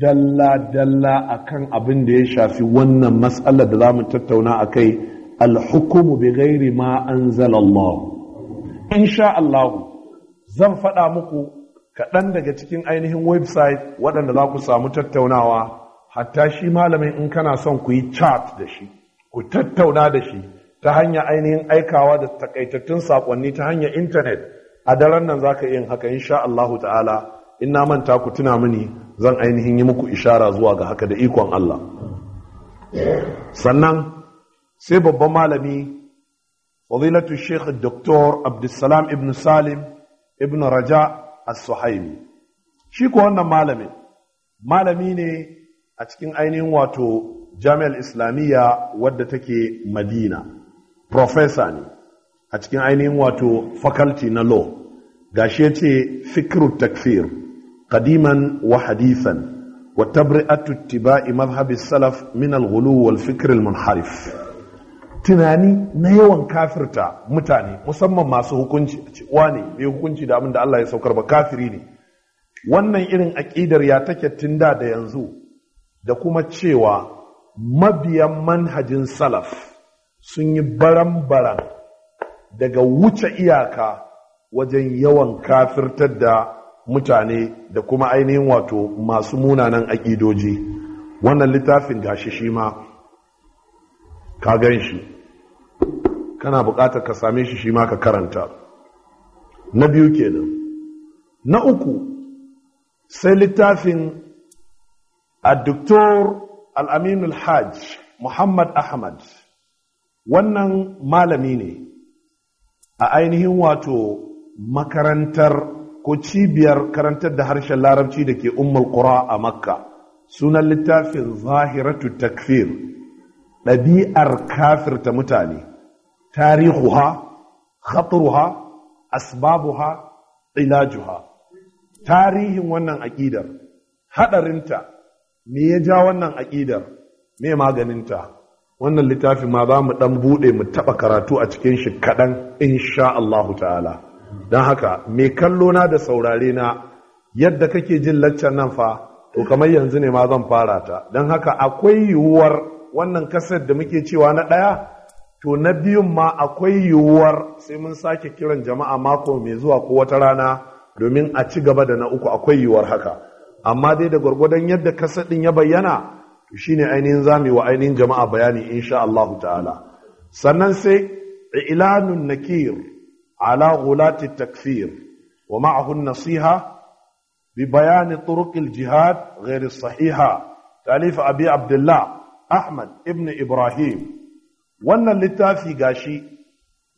dalla-dalla akan abin da ya shafi wannan matsalar da za mu tattauna a kai alhukumu bi gairi ma an insha Allah zan faɗa muku kaɗan daga cikin ainihin website waɗanda za ku samu tattaunawa hatta shi malamin in kana son ku yi chat da shi ku tattauna da shi ta hanyar ainihin aikawa da takaitattun sakonni ta hanyar intanet a daren nan zaka yin haka insha Allah ta'ala in na manta ku tuna mini zan ainihin yi muku ishara zuwa ga haka da ikon Allah sannan sai babban malami fadilatu Sheikh Dr. Abdulsalam ibn Salim ibn Raja as-Suhaimi shi ko wannan malamin malami ne a cikin ainihin wato jami'ar islamiyya wadda take madina professor ne a cikin ainihin wato faculty na law gashi ya ce fikiru takfir qadiman wa hadithan wa tabri'atu ittiba'i madhhabi salaf min al-ghulu wal munharif tunani na yawan kafirta mutane musamman masu hukunci ne, bai hukunci da abin da Allah ya saukar ba kafiri ne wannan irin aƙidar ya take tunda da yanzu da kuma cewa mabiyan manhajin salaf sun yi baran-baran daga wuce iyaka wajen yawan kafirtar da mutane da kuma ainihin wato masu munanan aƙidoji wannan littafin gashi shi ma ka gan shi kana buƙatar ka same shi shi ma ka karanta na biyu kenan na uku sai littafin Al-Doktor Al-Aminu al Muhammad Ahmad wannan malami ne a ainihin wato makarantar ko cibiyar karantar da harshen larabci da ke ummul qura a makka sunan littafin zahiratu takfir ɗabi'ar kafirta mutane tarihuha khaturuha asbabuha ilajuha tarihin wannan aƙidar haɗarinta me ya ja wannan aƙidar me maganinta wannan littafin ma za mu ɗan buɗe mu taɓa karatu a cikin shi kaɗan insha Allahu ta'ala don haka me kallo na da saurare na yadda kake jin laccar nan fa to kamar yanzu ne ma zan fara ta don haka akwai yiwuwar wannan kasar da muke cewa na ɗaya to na biyun ma akwai yiwuwar sai mun sake kiran jama'a mako mai zuwa ko wata rana domin a ci gaba da na uku akwai yiwuwar haka amma dai da gwargwadon yadda kasadin ya bayyana to shine ainihin zami wa ainihin jama'a bayani insha Allah ta'ala sannan sai ilanun nakir ala ghulati takfir wa ma'ahu nasiha bi bayani turuqil jihad ghayr sahiha talif abi abdullah ahmad ibn ibrahim wannan littafi gashi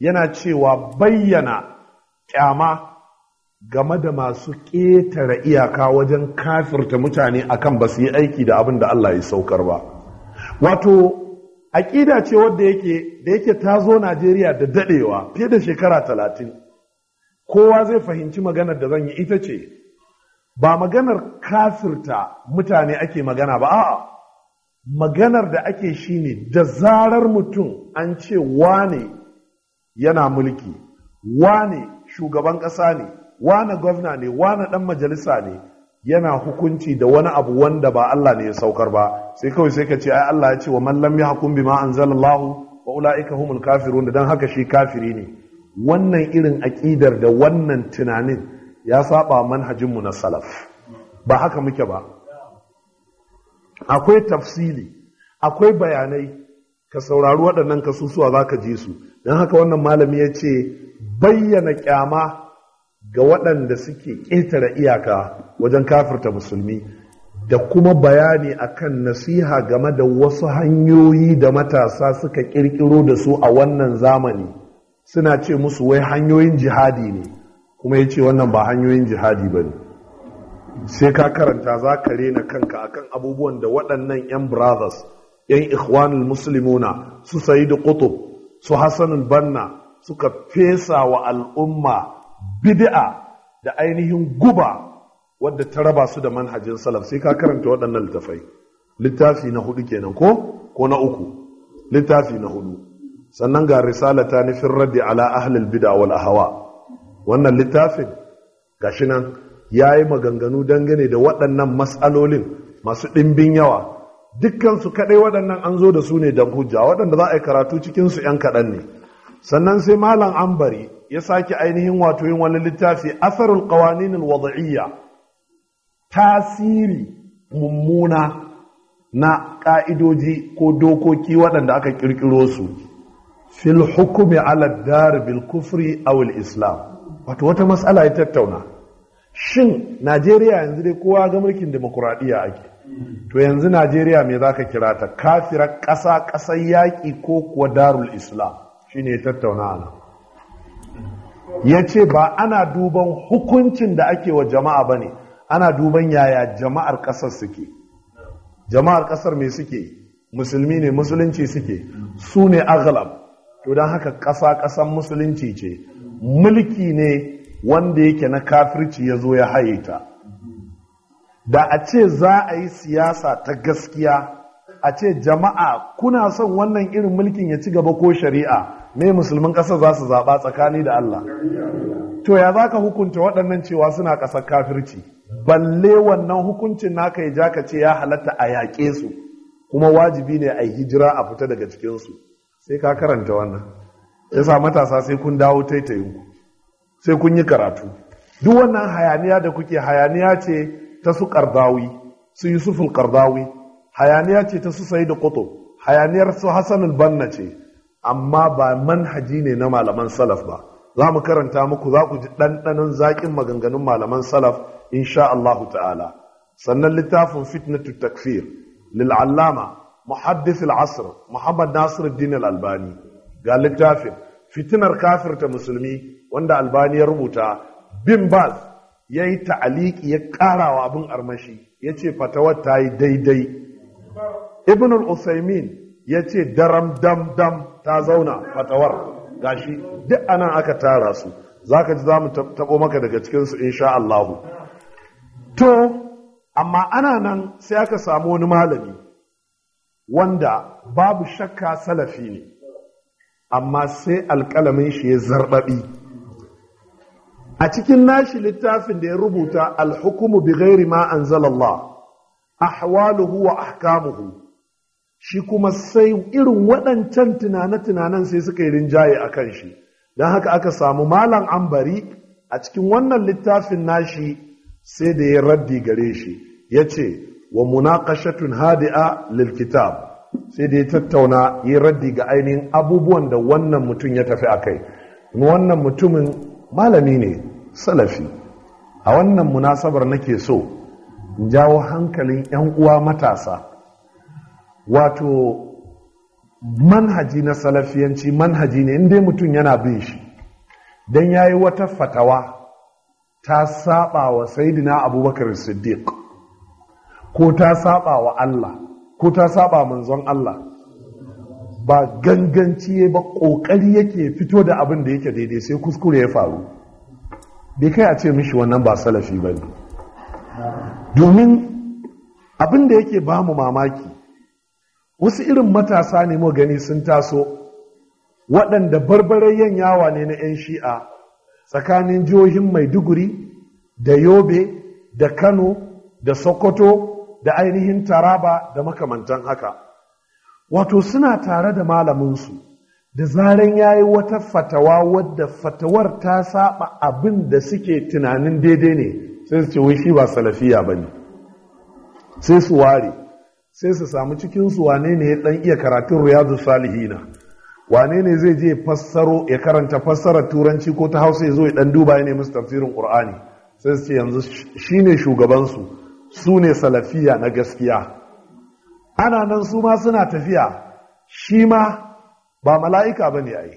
yana cewa bayyana kyama game da masu ƙetare iyaka wajen kafirta mutane akan ba su yi aiki da abin da Allah ya saukar ba wato aƙida ce wadda yake da yake ta zo Najeriya da daɗewa fiye da shekara talatin kowa zai fahimci maganar da zan yi ita ce ba maganar kafirta mutane ake magana ba a'a maganar da ake ne, da zarar mutum an ce wane yana mulki wane shugaban ƙasa ne wane gwamna ne wane dan majalisa ne yana hukunci da wani abu wanda ba Allah ne ya saukar ba sai kawai sai ka ce ai Allah ya ce wa man lam yahkum bima anzalallahu wa ulaika humul kafirun dan haka shi kafiri ne wannan irin aqidar da wannan tunanin ya saba manhajin mu na salaf ba haka muke ba akwai tafsili akwai bayanai ka saurari waɗannan kasusuwa zaka ji su dan haka wannan malami ya ce bayyana kyama ga waɗanda suke ƙetare iyaka wajen kafirta musulmi da kuma bayani akan nasiha game da wasu hanyoyi da matasa suka ƙirƙiro da su a wannan zamani suna ce musu wai hanyoyin jihadi ne kuma ya ce wannan ba hanyoyin jihadi ba ne sai ka karanta za ka rena kanka akan abubuwan da waɗannan 'yan brothers 'yan ikhwanul musulmuna su sayi da su hassanin banna suka fesa wa al'umma bid'a da ainihin guba wadda ta raba su da manhajin salaf sai ka karanta waɗannan littafai littafi na hudu kenan ko ko na uku littafi na hudu sannan ga risala ta nufin raddi ala ahlil bid'a wal ahwa wannan littafin gashi nan yayi maganganu dangane da waɗannan matsalolin masu ɗimbin yawa dukkan su kadai waɗannan an zo da su ne dan hujja waɗanda za a yi karatu cikinsu yan kaɗan ne sannan sai malam ambari ya sake ainihin wato yin wani littafi asarul qawanin alwad'iyya tasiri mummuna na ka'idoji ko dokoki waɗanda aka ƙirƙiro su fil hukumi ala dar bil kufri aw islam wato wata matsala ya tattauna shin Najeriya yanzu dai kowa ga mulkin demokuraɗiyya ake to yanzu Najeriya me zaka kira ta kafirar ƙasa ƙasar yaƙi ko kuwa darul islam shine tattauna ya ce ba ana duban hukuncin da ake wa jama'a ba ne ana duban yaya jama'ar ƙasar suke jama'ar ƙasar mai suke musulmi ne musulunci suke su ne agalab to don haka ƙasa ƙasan musulunci ce mulki ne wanda yake na kafirci ya zo ya haye ta da a ce za a yi siyasa ta gaskiya a ce jama'a kuna son wannan irin mulkin ya ci gaba ko shari'a me musulmin ƙasa za su zaɓa tsakani da Allah to ya za ka hukunta waɗannan cewa suna ƙasar kafirci balle wannan hukuncin naka ya ja ka ce ya halatta a yaƙe su kuma wajibi ne a hijira a fita daga cikinsu sai ka karanta wannan Ya sa matasa sai kun dawo taitayinku sai kun yi karatu duk wannan hayaniya da kuke hayaniya ce ta su kardawi su yusuful kardawi hayaniya ce ta su sai da hayaniyar su hasanul banna ce amma ba manhaji ne na malaman salaf ba za mu karanta muku za ku ji ɗanɗanon zaƙin maganganun malaman salaf insha Allahu ta'ala sannan littafin fitnatu takfir Lil Allama, lil'allama muhaddis asr muhammad nasiruddin al-albani ga littafin fitinar ta musulmi wanda albani ya rubuta bin baz ya yi ta'aliki ya ƙarawa abin armashi ya ce fatawar ta yi daidai ibn al-usaimin ya ce daram dam dam ta zauna fatawar gashi duk anan aka tara su zaka ji za mu tabo maka daga cikin su insha Allah to amma ana nan sai aka samu wani malami wanda babu shakka salafi ne amma sai alƙalamin shi ya zarbabi a cikin nashi littafin da ya rubuta alhukumu bi ghairi ma anzalallah ahwaluhu wa ahkamuhu shi kuma sai irin waɗancan tunane-tunanen sai suka yi rinjaye a kan shi don haka aka samu malam ambari a cikin wannan littafin nashi sai da ya raddi gare shi ya ce wa munakashatun hadi'a lil kitab sai da ya tattauna ya raddi ga ainihin abubuwan da wannan mutum ya tafi a kai wannan mutumin malami ne salafi a wannan munasabar nake so in jawo hankalin 'yan uwa matasa wato manhaji na salafiyanci manhaji ne inda mutum yana bin shi don ya yi wata fatawa ta saba wa sayidina abubakar siddiq ko ta saba wa allah ko ta saba manzon allah ba ganganci ba ƙoƙari yake fito da abin da yake daidai sai kuskure ya faru bai kai a ce mishi wannan ba salafi ba domin abin da yake ba mu mamaki wasu irin matasa ne mu gani sun taso waɗanda barbarayyan yawa ne na 'yan shi'a tsakanin jihohin maiduguri da yobe da kano da sokoto da ainihin taraba da makamantan haka wato suna tare da malaminsu da zaren ya yi wata fatawa wadda fatawar ta saba abin da suke tunanin daidai ne sai su ce wai shi ba salafiya ba ne sai su ware sai su samu cikin su wane ne dan iya karatun riyadu salihina wane ne zai je fassaro ya karanta fassarar turanci ko ta hausa ya zo ya dan duba ya nemi tafsirin qur'ani sai su ce yanzu shine shugaban su su ne salafiya na gaskiya ana nan su ma suna tafiya shi ma ba mala'ika ba a yi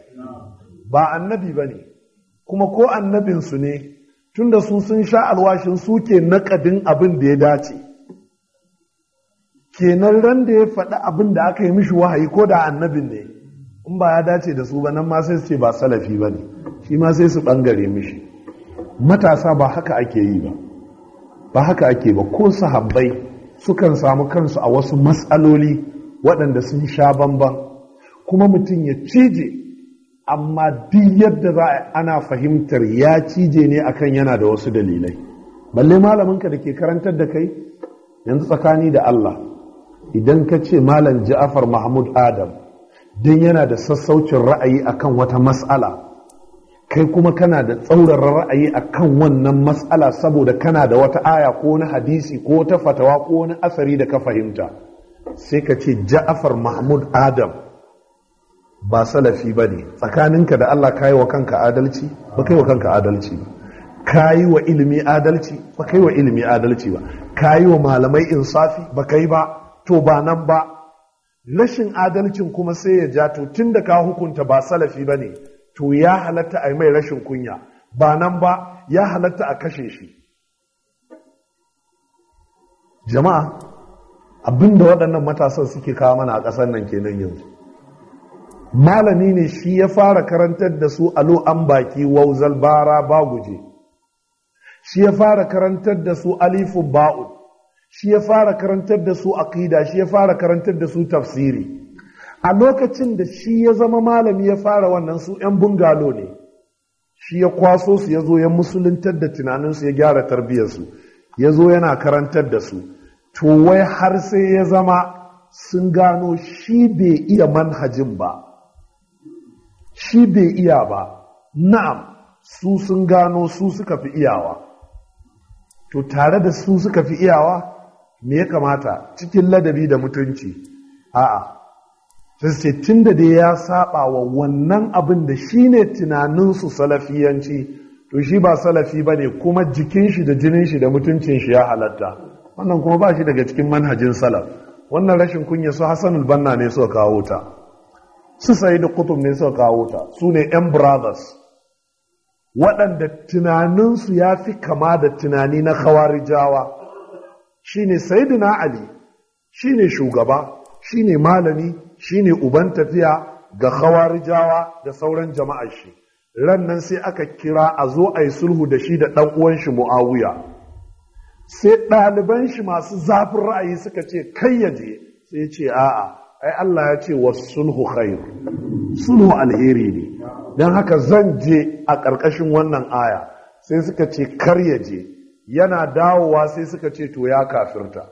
ba annabi ba ne. kuma ko annabinsu ne tunda su sun sha alwashin suke nakadin abin da ya dace kenan ran da ya faɗi abin da aka yi mishi wahayi ko da annabin ne in ba ya dace da su ba nan ma sai su ce ba salafi ba ne shi ma sai su ɓangare mishi matasa ba haka ake yi ba ba haka ake ba ko sahabbai sukan samu kansu a wasu matsaloli waɗanda sun sha bamban kuma mutum ya cije amma duk yadda za a ana fahimtar ya cije ne akan yana da wasu dalilai balle malaminka da ke karantar da kai yanzu tsakani da Allah idan ka ce malam ja'afar mahmud adam don yana da sassaucin ra'ayi akan wata mas'ala kai kuma kana da tsaurar ra'ayi akan wannan mas'ala saboda kana da wata aya ko na hadisi ko ta fatawa ko na asari da ka fahimta sai ka ce ja'afar mahmud adam ba salafi ba ne tsakaninka da allah kayi wa kanka adalci ba kai wa kanka adalci ba kayi wa ilimi adalci ba kai wa ilimi adalci ba kayi wa malamai insafi ba kai ba to ba nan ba rashin adalcin kuma sai ya ja to tun da ka hukunta ba salafi ba ne to ya halatta a yi mai rashin kunya ba nan ba ya halatta a kashe shi jama'a abinda waɗannan matasan suke kawo mana a ƙasar nan kenan yanzu malami ne shi ya fara karantar da su alo an baki wauzal bara baguje shi ya fara karantar da su alifu ba'u shi ya fara karantar da su aqida shi ya fara karantar da su tafsiri a lokacin da shi ya zama malami ya fara wannan su 'yan bungalo ne shi ya kwaso su ya zo ya musuluntar da tunaninsu ya gyara tarbiyyarsu ya zo yana karantar da su to wai har sai ya zama sun gano shi bai iya manhajin ba shi bai iya ba na'am su sun gano su suka fi iyawa to tare da su suka fi iyawa me ya kamata cikin ladabi da mutunci a'a sai tun da dai ya saba wa wannan abin da shi ne tunaninsu salafiyanci to shi ba salafi ba ne kuma jikin shi da jinin shi da mutuncin shi ya halatta wannan kuma ba shi daga cikin manhajin salaf wannan rashin kunya su hassanul banna ne suka kawo ta su sayi da kutub ne suka kawo ta su ne yan brothers waɗanda tunaninsu ya fi kama da tunani na khawarijawa shine sayyidina ali shine shugaba shine malami shine uban tafiya ga khawarijawa da sauran jama'ar shi rannan sai aka kira a zo a yi sulhu da shi da ɗan uwan shi muawiya sai ɗaliban shi masu zafin ra'ayi suka ce kai ya je sai ce a'a ai Allah ya ce wa sulhu khair sulhu alheri ne don haka zan je a ƙarƙashin wannan aya sai suka ce kar ya je yana dawowa sai suka ce to ya kafirta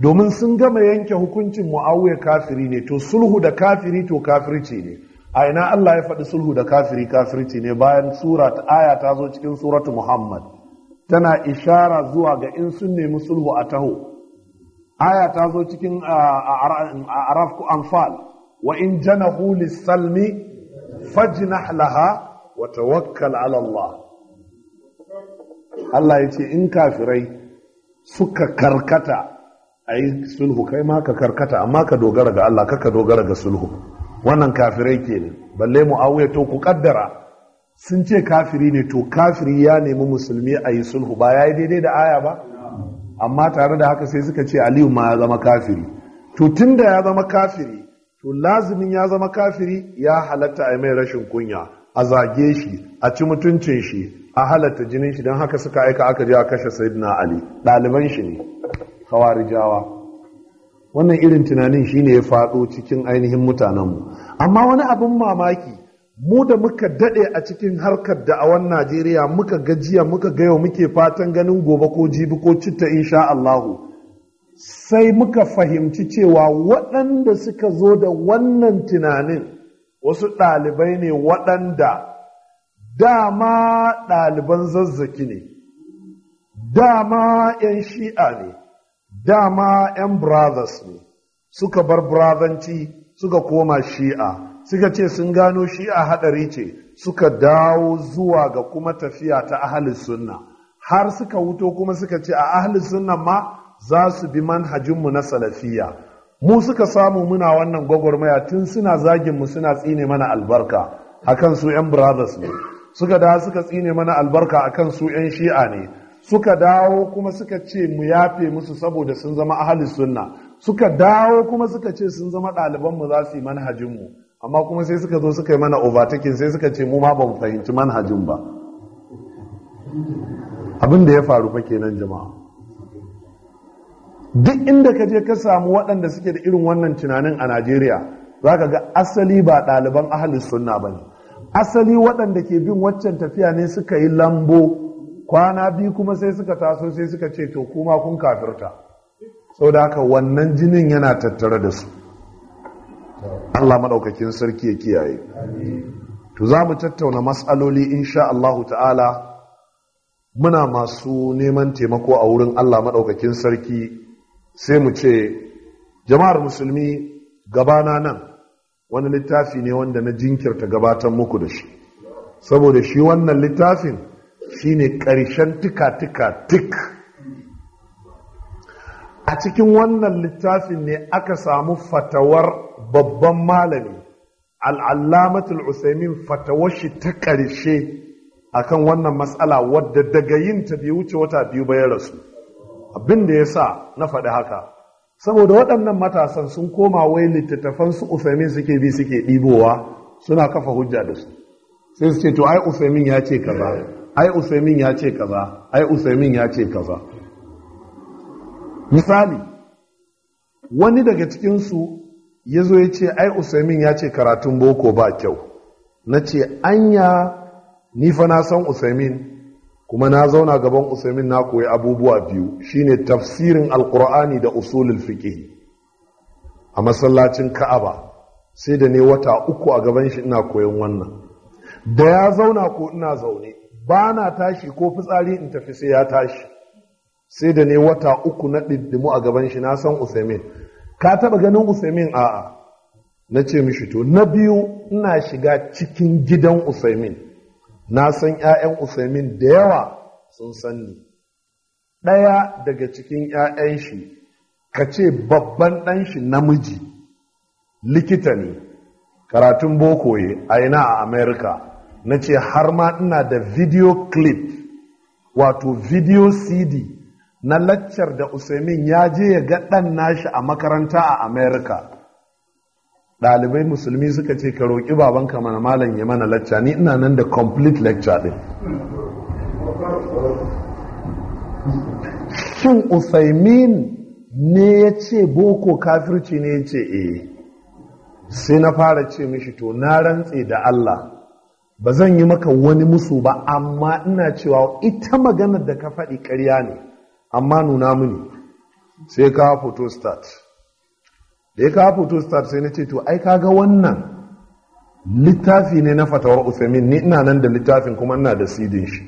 domin sun gama yanke hukuncin mu'awiya kafiri ne to sulhu da kafiri to kafirci ne a ina Allah ya faɗi sulhu da kafiri kafirci ne bayan sura ta aya ta zo cikin suratu Muhammad tana ishara zuwa ga in sun nemi sulhu a taho aya ta zo cikin araf ku anfal wa in jana hulis salmi fajina halaha wata wakkal Allah ya ce in kafirai suka karkata a yi sulhu kai ma ka karkata amma ka dogara ga Allah kaka dogara ga sulhu wannan kafirai ke ne? balle mu to ku kaddara sun ce kafiri ne to kafiri ya nemi musulmi a yi sulhu ba ya yi daidai da aya ba amma tare da haka sai suka ce aliyu ma ya zama kafiri to tunda ya zama kafiri to lazimin ya zama kafiri ya halatta a yi mai rashin kunya a zage shi a ci mutuncin shi a halatta jinin shi don haka suka aika aka je a kashe sayyidina ali ɗaliban shi ne khawarijawa wannan irin tunanin shi ne ya faɗo cikin ainihin mutanenmu amma wani abin mamaki mu da muka daɗe a cikin harkar da da'awar najeriya muka gajiya muka gayo muke fatan ganin gobe ko jibi ko citta insha Allahu sai muka fahimci cewa waɗanda suka zo da wannan tunanin wasu ɗalibai ne waɗanda dama ɗaliban zazzaki ne dama 'yan shi'a ne dama 'yan brothers ne suka bar brotherci suka koma shi'a suka ce sun gano shi'a haɗari ce suka dawo zuwa ga kuma tafiya ta ahalin sunna har suka wuto kuma suka ce a ahalin sunna ma za su bi manhajinmu na salafiya mu suka samu muna wannan gwagwarmaya tun suna zagin mu suna tsine mana albarka akan su yan brothers ne suka da suka tsine mana albarka akan su yan shi'a ne suka dawo kuma suka ce mu yafe musu saboda sun zama ahli sunna suka dawo kuma suka ce sun zama ɗaliban mu za su yi manhajin mu amma kuma sai suka zo suka yi mana overtaking sai suka ce mu ma ba mu fahimci manhajin ba abin da ya faru fa kenan jama'a duk inda ka je ka samu waɗanda suke da irin wannan tunanin a najeriya za ka ga asali ba ɗaliban ahalus sunna ba ne asali waɗanda ke bin waccan tafiya ne suka yi lambo kwana biyu kuma sai suka taso sai suka ce to kuma kun kafirta sau da haka wannan jinin yana tattare da su allah maɗaukakin sarki ya kiyaye to za mu tattauna matsaloli insha allahu ta'ala muna masu neman taimako a wurin allah maɗaukakin sarki sai mu ce jama'ar musulmi gabana nan wani littafi ne wanda na jinkirta gabatan muku da shi saboda shi wannan littafin shine ƙarshen tika-tika tik a cikin wannan littafin ne aka samu fatawar babban malami al'allamatul usaimin fatawar shi ta ƙarshe akan wannan matsala wadda daga yin ta bai wuce wata biyu bayan rasu abin da ya sa na faɗi haka saboda waɗannan matasan sun koma wai littattafansu su usamin suke bi suke ɗibowa suna kafa hujja da su sai su ce to ai usamin ya ce kaza ai usamin ya ce kaza ai usamin ya ce kaza misali wani daga cikinsu ya zo ya ce ai usamin ya ce karatun boko ba kyau na ce anya ni fa na san usamin kuma na zauna gaban usaimin na koyi abubuwa biyu shine tafsirin alkur'ani da usulul fiqh a masallacin ka'aba sai da ne wata uku a gaban shi ina koyon wannan da ya zauna ko ina zaune ba na tashi ko fitsari in tafi sai ya tashi sai da ne wata uku na ɗiddimu a gaban shi na san usaimin ka taɓa ganin usaimin a'a na ce mishi to na biyu ina shiga cikin gidan usaimin na san 'ya'yan usaimin da yawa sun sanni ɗaya daga cikin 'ya'yan shi ka ce babban ɗan shi namiji likita ne karatun boko ye a ina a Amerika, na ce har ma ina da video clip wato video cd na laccar da usaimin ya je ya ga ɗan nashi a makaranta a Amerika. ɗalibai musulmi suka ce ka roƙi babanka mana malam ya mana lacca ni ina nan da complete lacca ɗin shin usaimin ne ya ce boko kafirci ne ya ce eh sai na fara ce mishi to na rantse da Allah ba zan yi maka wani musu ba amma ina cewa ita maganar da ka faɗi karya ne amma nuna mini sai ka foto start da ya kawo photo star sai na ce to ai kaga wannan littafi ne na fatawar Uthamin ni ina nan da littafin kuma ina da sidin shi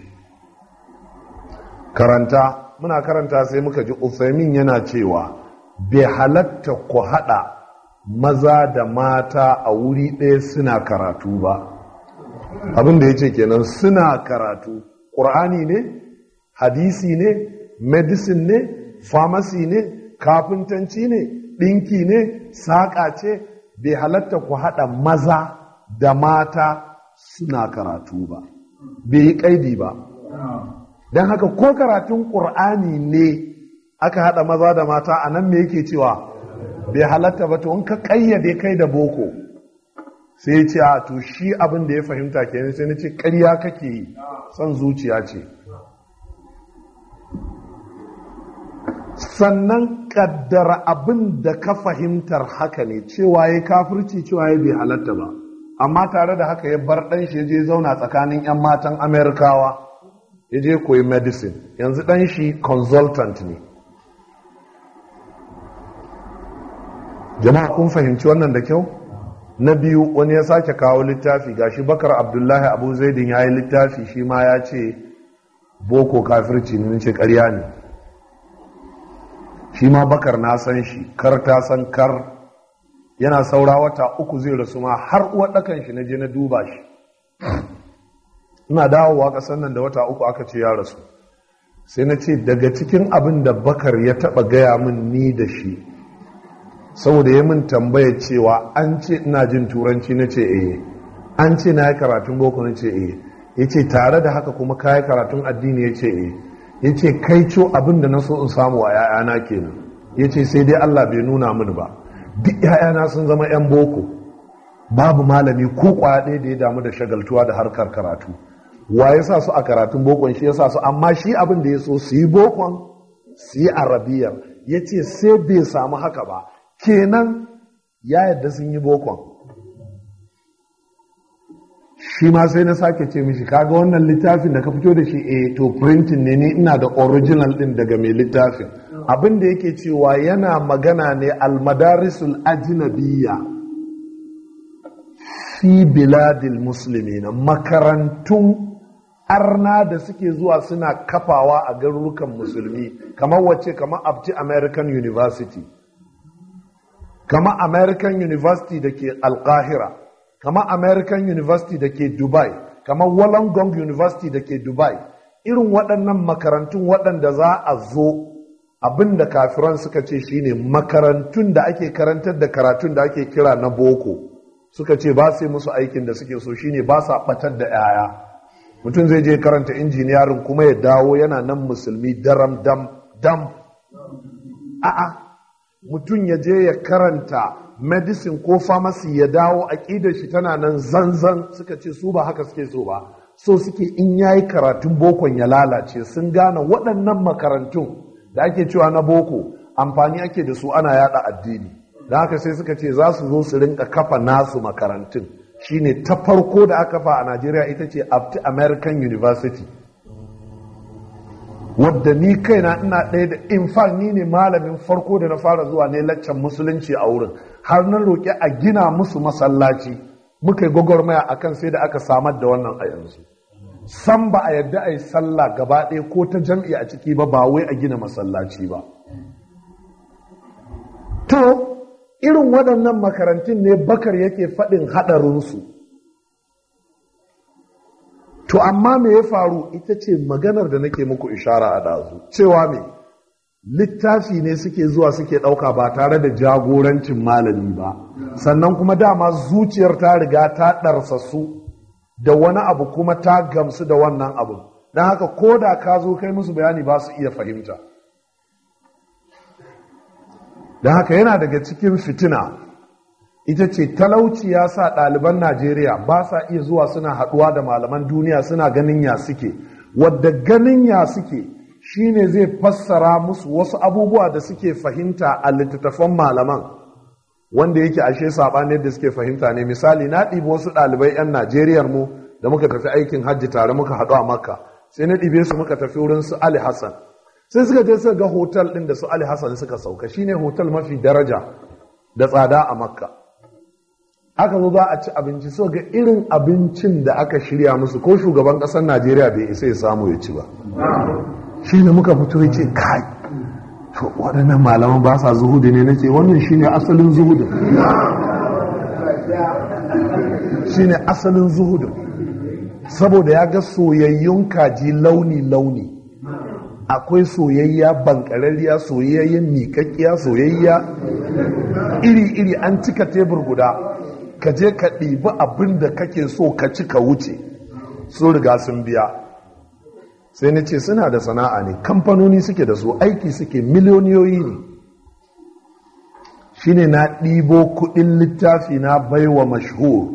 karanta muna karanta sai muka ji Uthamin yana cewa bai halatta ku haɗa maza da mata a wuri ɗaya suna karatu ba abin da ya ce kenan suna karatu ƙur'ani ne hadisi ne medicine ne famasi ne kafintanci ne ɗinki ne saƙa ce bai halatta ku haɗa maza da mata suna karatu ba bai yi ƙaidi ba don haka ko karatun ƙur'ani ne aka haɗa maza da mata a nan me yake cewa bai halatta ba to in ka ƙayyade kai da boko sai ce a to shi abin da ya fahimta kenan sai na ce ƙarya kake yi son zuciya ce sannan kaddara abin da ka fahimtar haka ne cewa ya kafirci cewa ya bai halatta ba amma tare da haka ya bar ɗan shi je zauna tsakanin 'yan matan amerikawa ya je koyi medicine yanzu ɗan shi consultant ne jama'a kun fahimci wannan da kyau na biyu wani ya sake kawo littafi gashi bakar abdullahi abu zaidin ya yi littafi shi ma ya ce boko kafirci ne ce karya ne shi ma bakar na san shi kar ta san kar yana saura wata uku zai rasu ma har uwa shi na je na duba shi ina dawowa ƙasar nan da wata uku aka ce ya rasu sai na ce daga cikin abin da bakar ya taɓa gaya min ni da shi saboda ya min tambaya cewa an ce ina jin turanci na ce eh an ce na yi karatun boko na ce eh ya ce tare da haka kuma ka yi karatun addini ya ce eh ya ce kai co abin da na so in samu a ‘ya'yana kenan ya ce sai dai Allah bai nuna mini ba duk ‘ya'yana sun zama ‘yan boko babu malami ko kwaya ɗaya da ya damu da shagaltuwa da harkar karatu wa ya sa su a karatun bokon shi ya sa su amma shi abinda ya so su yi bokon su yi arabiyar ya ce sai bai samu haka ba kenan ya yadda sun yi bokon shi ma sai na sake ce mishi kaga wannan littafin da ka fito da shi a eh, to printing ne ni ina da original din daga mai littafin abin da yake cewa yana magana ne almadarisul ajnabiyya fi biladil na makarantun arna da suke zuwa suna kafawa a garurukan musulmi kamar wace kamar abti american university kamar american university da ke alkahira kamar american university da ke dubai kamar wollongong university da ke dubai irin waɗannan makarantun waɗanda za a zo abin da kafiran suka ce shine makarantun da ake karantar da karatun da ake kira na boko suka ce ba sai musu aikin da suke so shine ba sa ɓatar da 'ya'ya mutum zai je karanta injiniyarin kuma ya dawo yana nan musulmi daram dam dam a'a mutum ya je ya karanta medicine ko pharmacy ya dawo aƙidar shi tana nan zanzan suka ce su ba haka suke so ba so suke in yayi karatun bokon ya lalace sun gane waɗannan makarantun da ake cewa na boko amfani ake da su ana yada addini da haka sai suka ce za su zo su rinka kafa nasu makarantun shine ta farko da aka fa a najeriya ita ce afti american university wadda ni kaina ina ɗaya da in ni ne malamin farko da na fara zuwa ne laccan musulunci a wurin har na roƙi a gina musu masallaci muka yi gwagwarmaya a kan sai da aka samar da wannan a yanzu san ba a yadda a yi sallah gaba ɗaya ko ta jam'i a ciki ba ba wai a gina masallaci ba to irin waɗannan makarantun ne bakar yake faɗin haɗarinsu to amma me ya faru ita ce maganar da nake muku ishara a dazu cewa me littafi ne suke zuwa suke ɗauka ba tare da jagorancin malami ba sannan kuma dama zuciyar ta riga ta ɗarsa su da wani abu kuma ta gamsu da wannan abu don haka ko da ka zo kai musu bayani ba su iya fahimta don haka yana daga cikin fitina ita ce talauci ya sa ɗaliban najeriya ba sa iya zuwa suna haɗuwa da malaman duniya suna ganin ya suke wadda ganin ya suke Shi ne zai fassara musu wasu abubuwa da suke fahimta a littattafan malaman wanda yake ashe sabani da suke fahimta ne misali na ɗibi wasu ɗalibai 'yan Najeriya mu da muka tafi aikin hajji tare muka haɗu a Makka sai na ɗibe su muka tafi wurin su Ali Hassan sai suka je suka ga hotel ɗin da su Ali Hassan suka sauka shine hotel mafi daraja da tsada a Makka aka zo za a ci abinci so ga irin abincin da aka shirya musu ko shugaban ƙasar Najeriya bai isa ya samu ya ci ba shi ne muka fito ya ce kai to waɗannan malaman ba sa zuhudi ne ce wannan shi ne asalin zuhudi shi ne asalin zuhudi saboda ya ga soyayyun kaji launi-launi akwai soyayya bankararriya soyayyen miƙaƙƙiya soyayya iri-iri an cika tebur guda ka je ka ɗibi abinda kake so ka ci ka wuce sun riga sun biya sai na ce suna da sana'a ne kamfanoni suke da su aiki suke miliyoniyoyi ne Shi ne na ɗibo kuɗin littafi na baiwa mashhur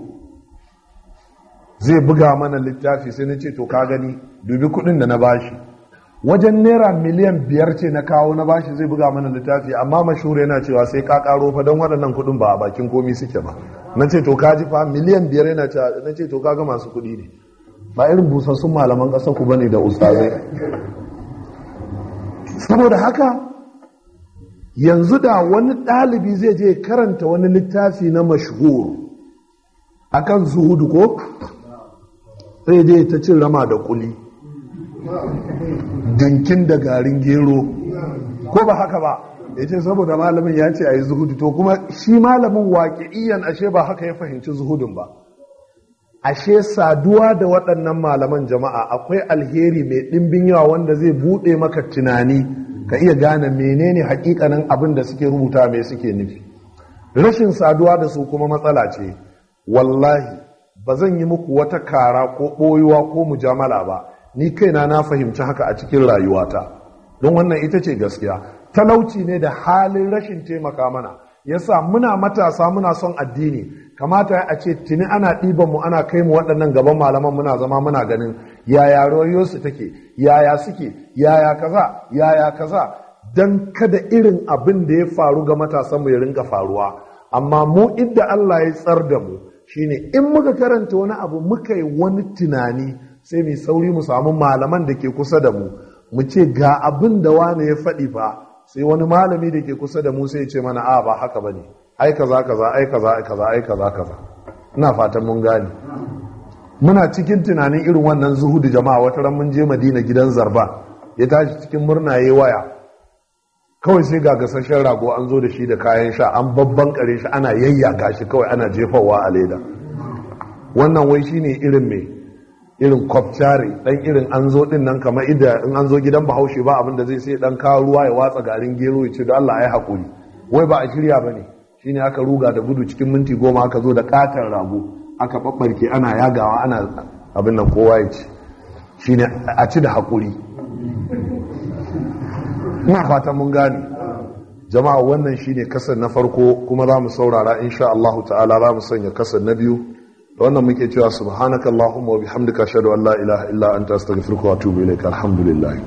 zai buga mana littafi sai na ce to ka gani dubi kuɗin da na bashi wajen naira miliyan biyar ce na kawo na bashi zai buga mana littafi amma mashhur yana cewa sai ka karo fa don waɗannan kuɗin ba a bakin komi suke ba na ce to ka ji fa miliyan biyar yana cewa na ce to ka ga masu kuɗi ne ba irin busassun malaman ƙasar ku bane da ustazai saboda haka yanzu da wani ɗalibi zai je karanta wani littafi na mashhur akan zuhudu ko sai dai ta cin rama da kuli dinkin da garin gero ko ba haka ba ya ce saboda malamin ya ce a yi zuhudu to kuma shi malamin waƙi'iyan ashe ba haka ya fahimci zuhudun ba ashe saduwa da waɗannan malaman jama'a akwai alheri mai ɗimbin yawa wanda zai buɗe maka tunani ka iya gane menene hakikanin abin da suke rubuta mai suke nufi rashin saduwa da su kuma matsala ce wallahi ba zan yi muku wata kara ko ɓoyuwa ko mujamala ba ni kaina na fahimci haka a cikin rayuwata don wannan ita ce gaskiya talauci ne da halin rashin taimaka mana yasa muna matasa muna son addini kamata a ce tuni ana ɗiban mu ana kai mu waɗannan gaban malaman muna zama muna ganin yaya rayuwarsu take yaya suke yaya kaza yaya kaza don kada irin abin da ya faru ga matasan mu ya rinka faruwa amma mu idda Allah ya tsar da mu shine in muka karanta wani abu muka yi wani tunani sai mai sauri mu samu malaman da ke kusa da mu mu ce ga abin da wane ya faɗi ba sai wani malami da ke kusa da mu sai ya ce mana a ba haka ba ne ai kaza kaza ai kaza kaza ai kaza kaza ina fatan mun gane muna cikin tunanin irin wannan zuhudu jama'a wata ran mun je madina gidan zarba ya tashi cikin murna ya waya kawai sai ga gasasshen rago an zo da shi da kayan sha an babban kare shi ana yayyaka shi kawai ana jefawa a leda wannan wai shine irin me? irin kwafcare dan irin an zo din nan kamar ida in an zo gidan bahaushe ba abinda zai sai dan kawo ruwa ya watsa garin gero ya ce da Allah ya hakuri wai ba a shirya bane? shine aka ruga da gudu cikin minti goma aka zo da katar rago aka babbarke ana yagawa ana abin nan kowa ya ci shine a ci da hakuri ina fatan mun gane jama'a wannan shine kasar na farko kuma za mu saurara insha Allah ta'ala za mu sanya kasar na biyu da wannan muke cewa subhanakallahumma wa bihamdika ashhadu an la ilaha illa anta astaghfiruka wa atubu ilaik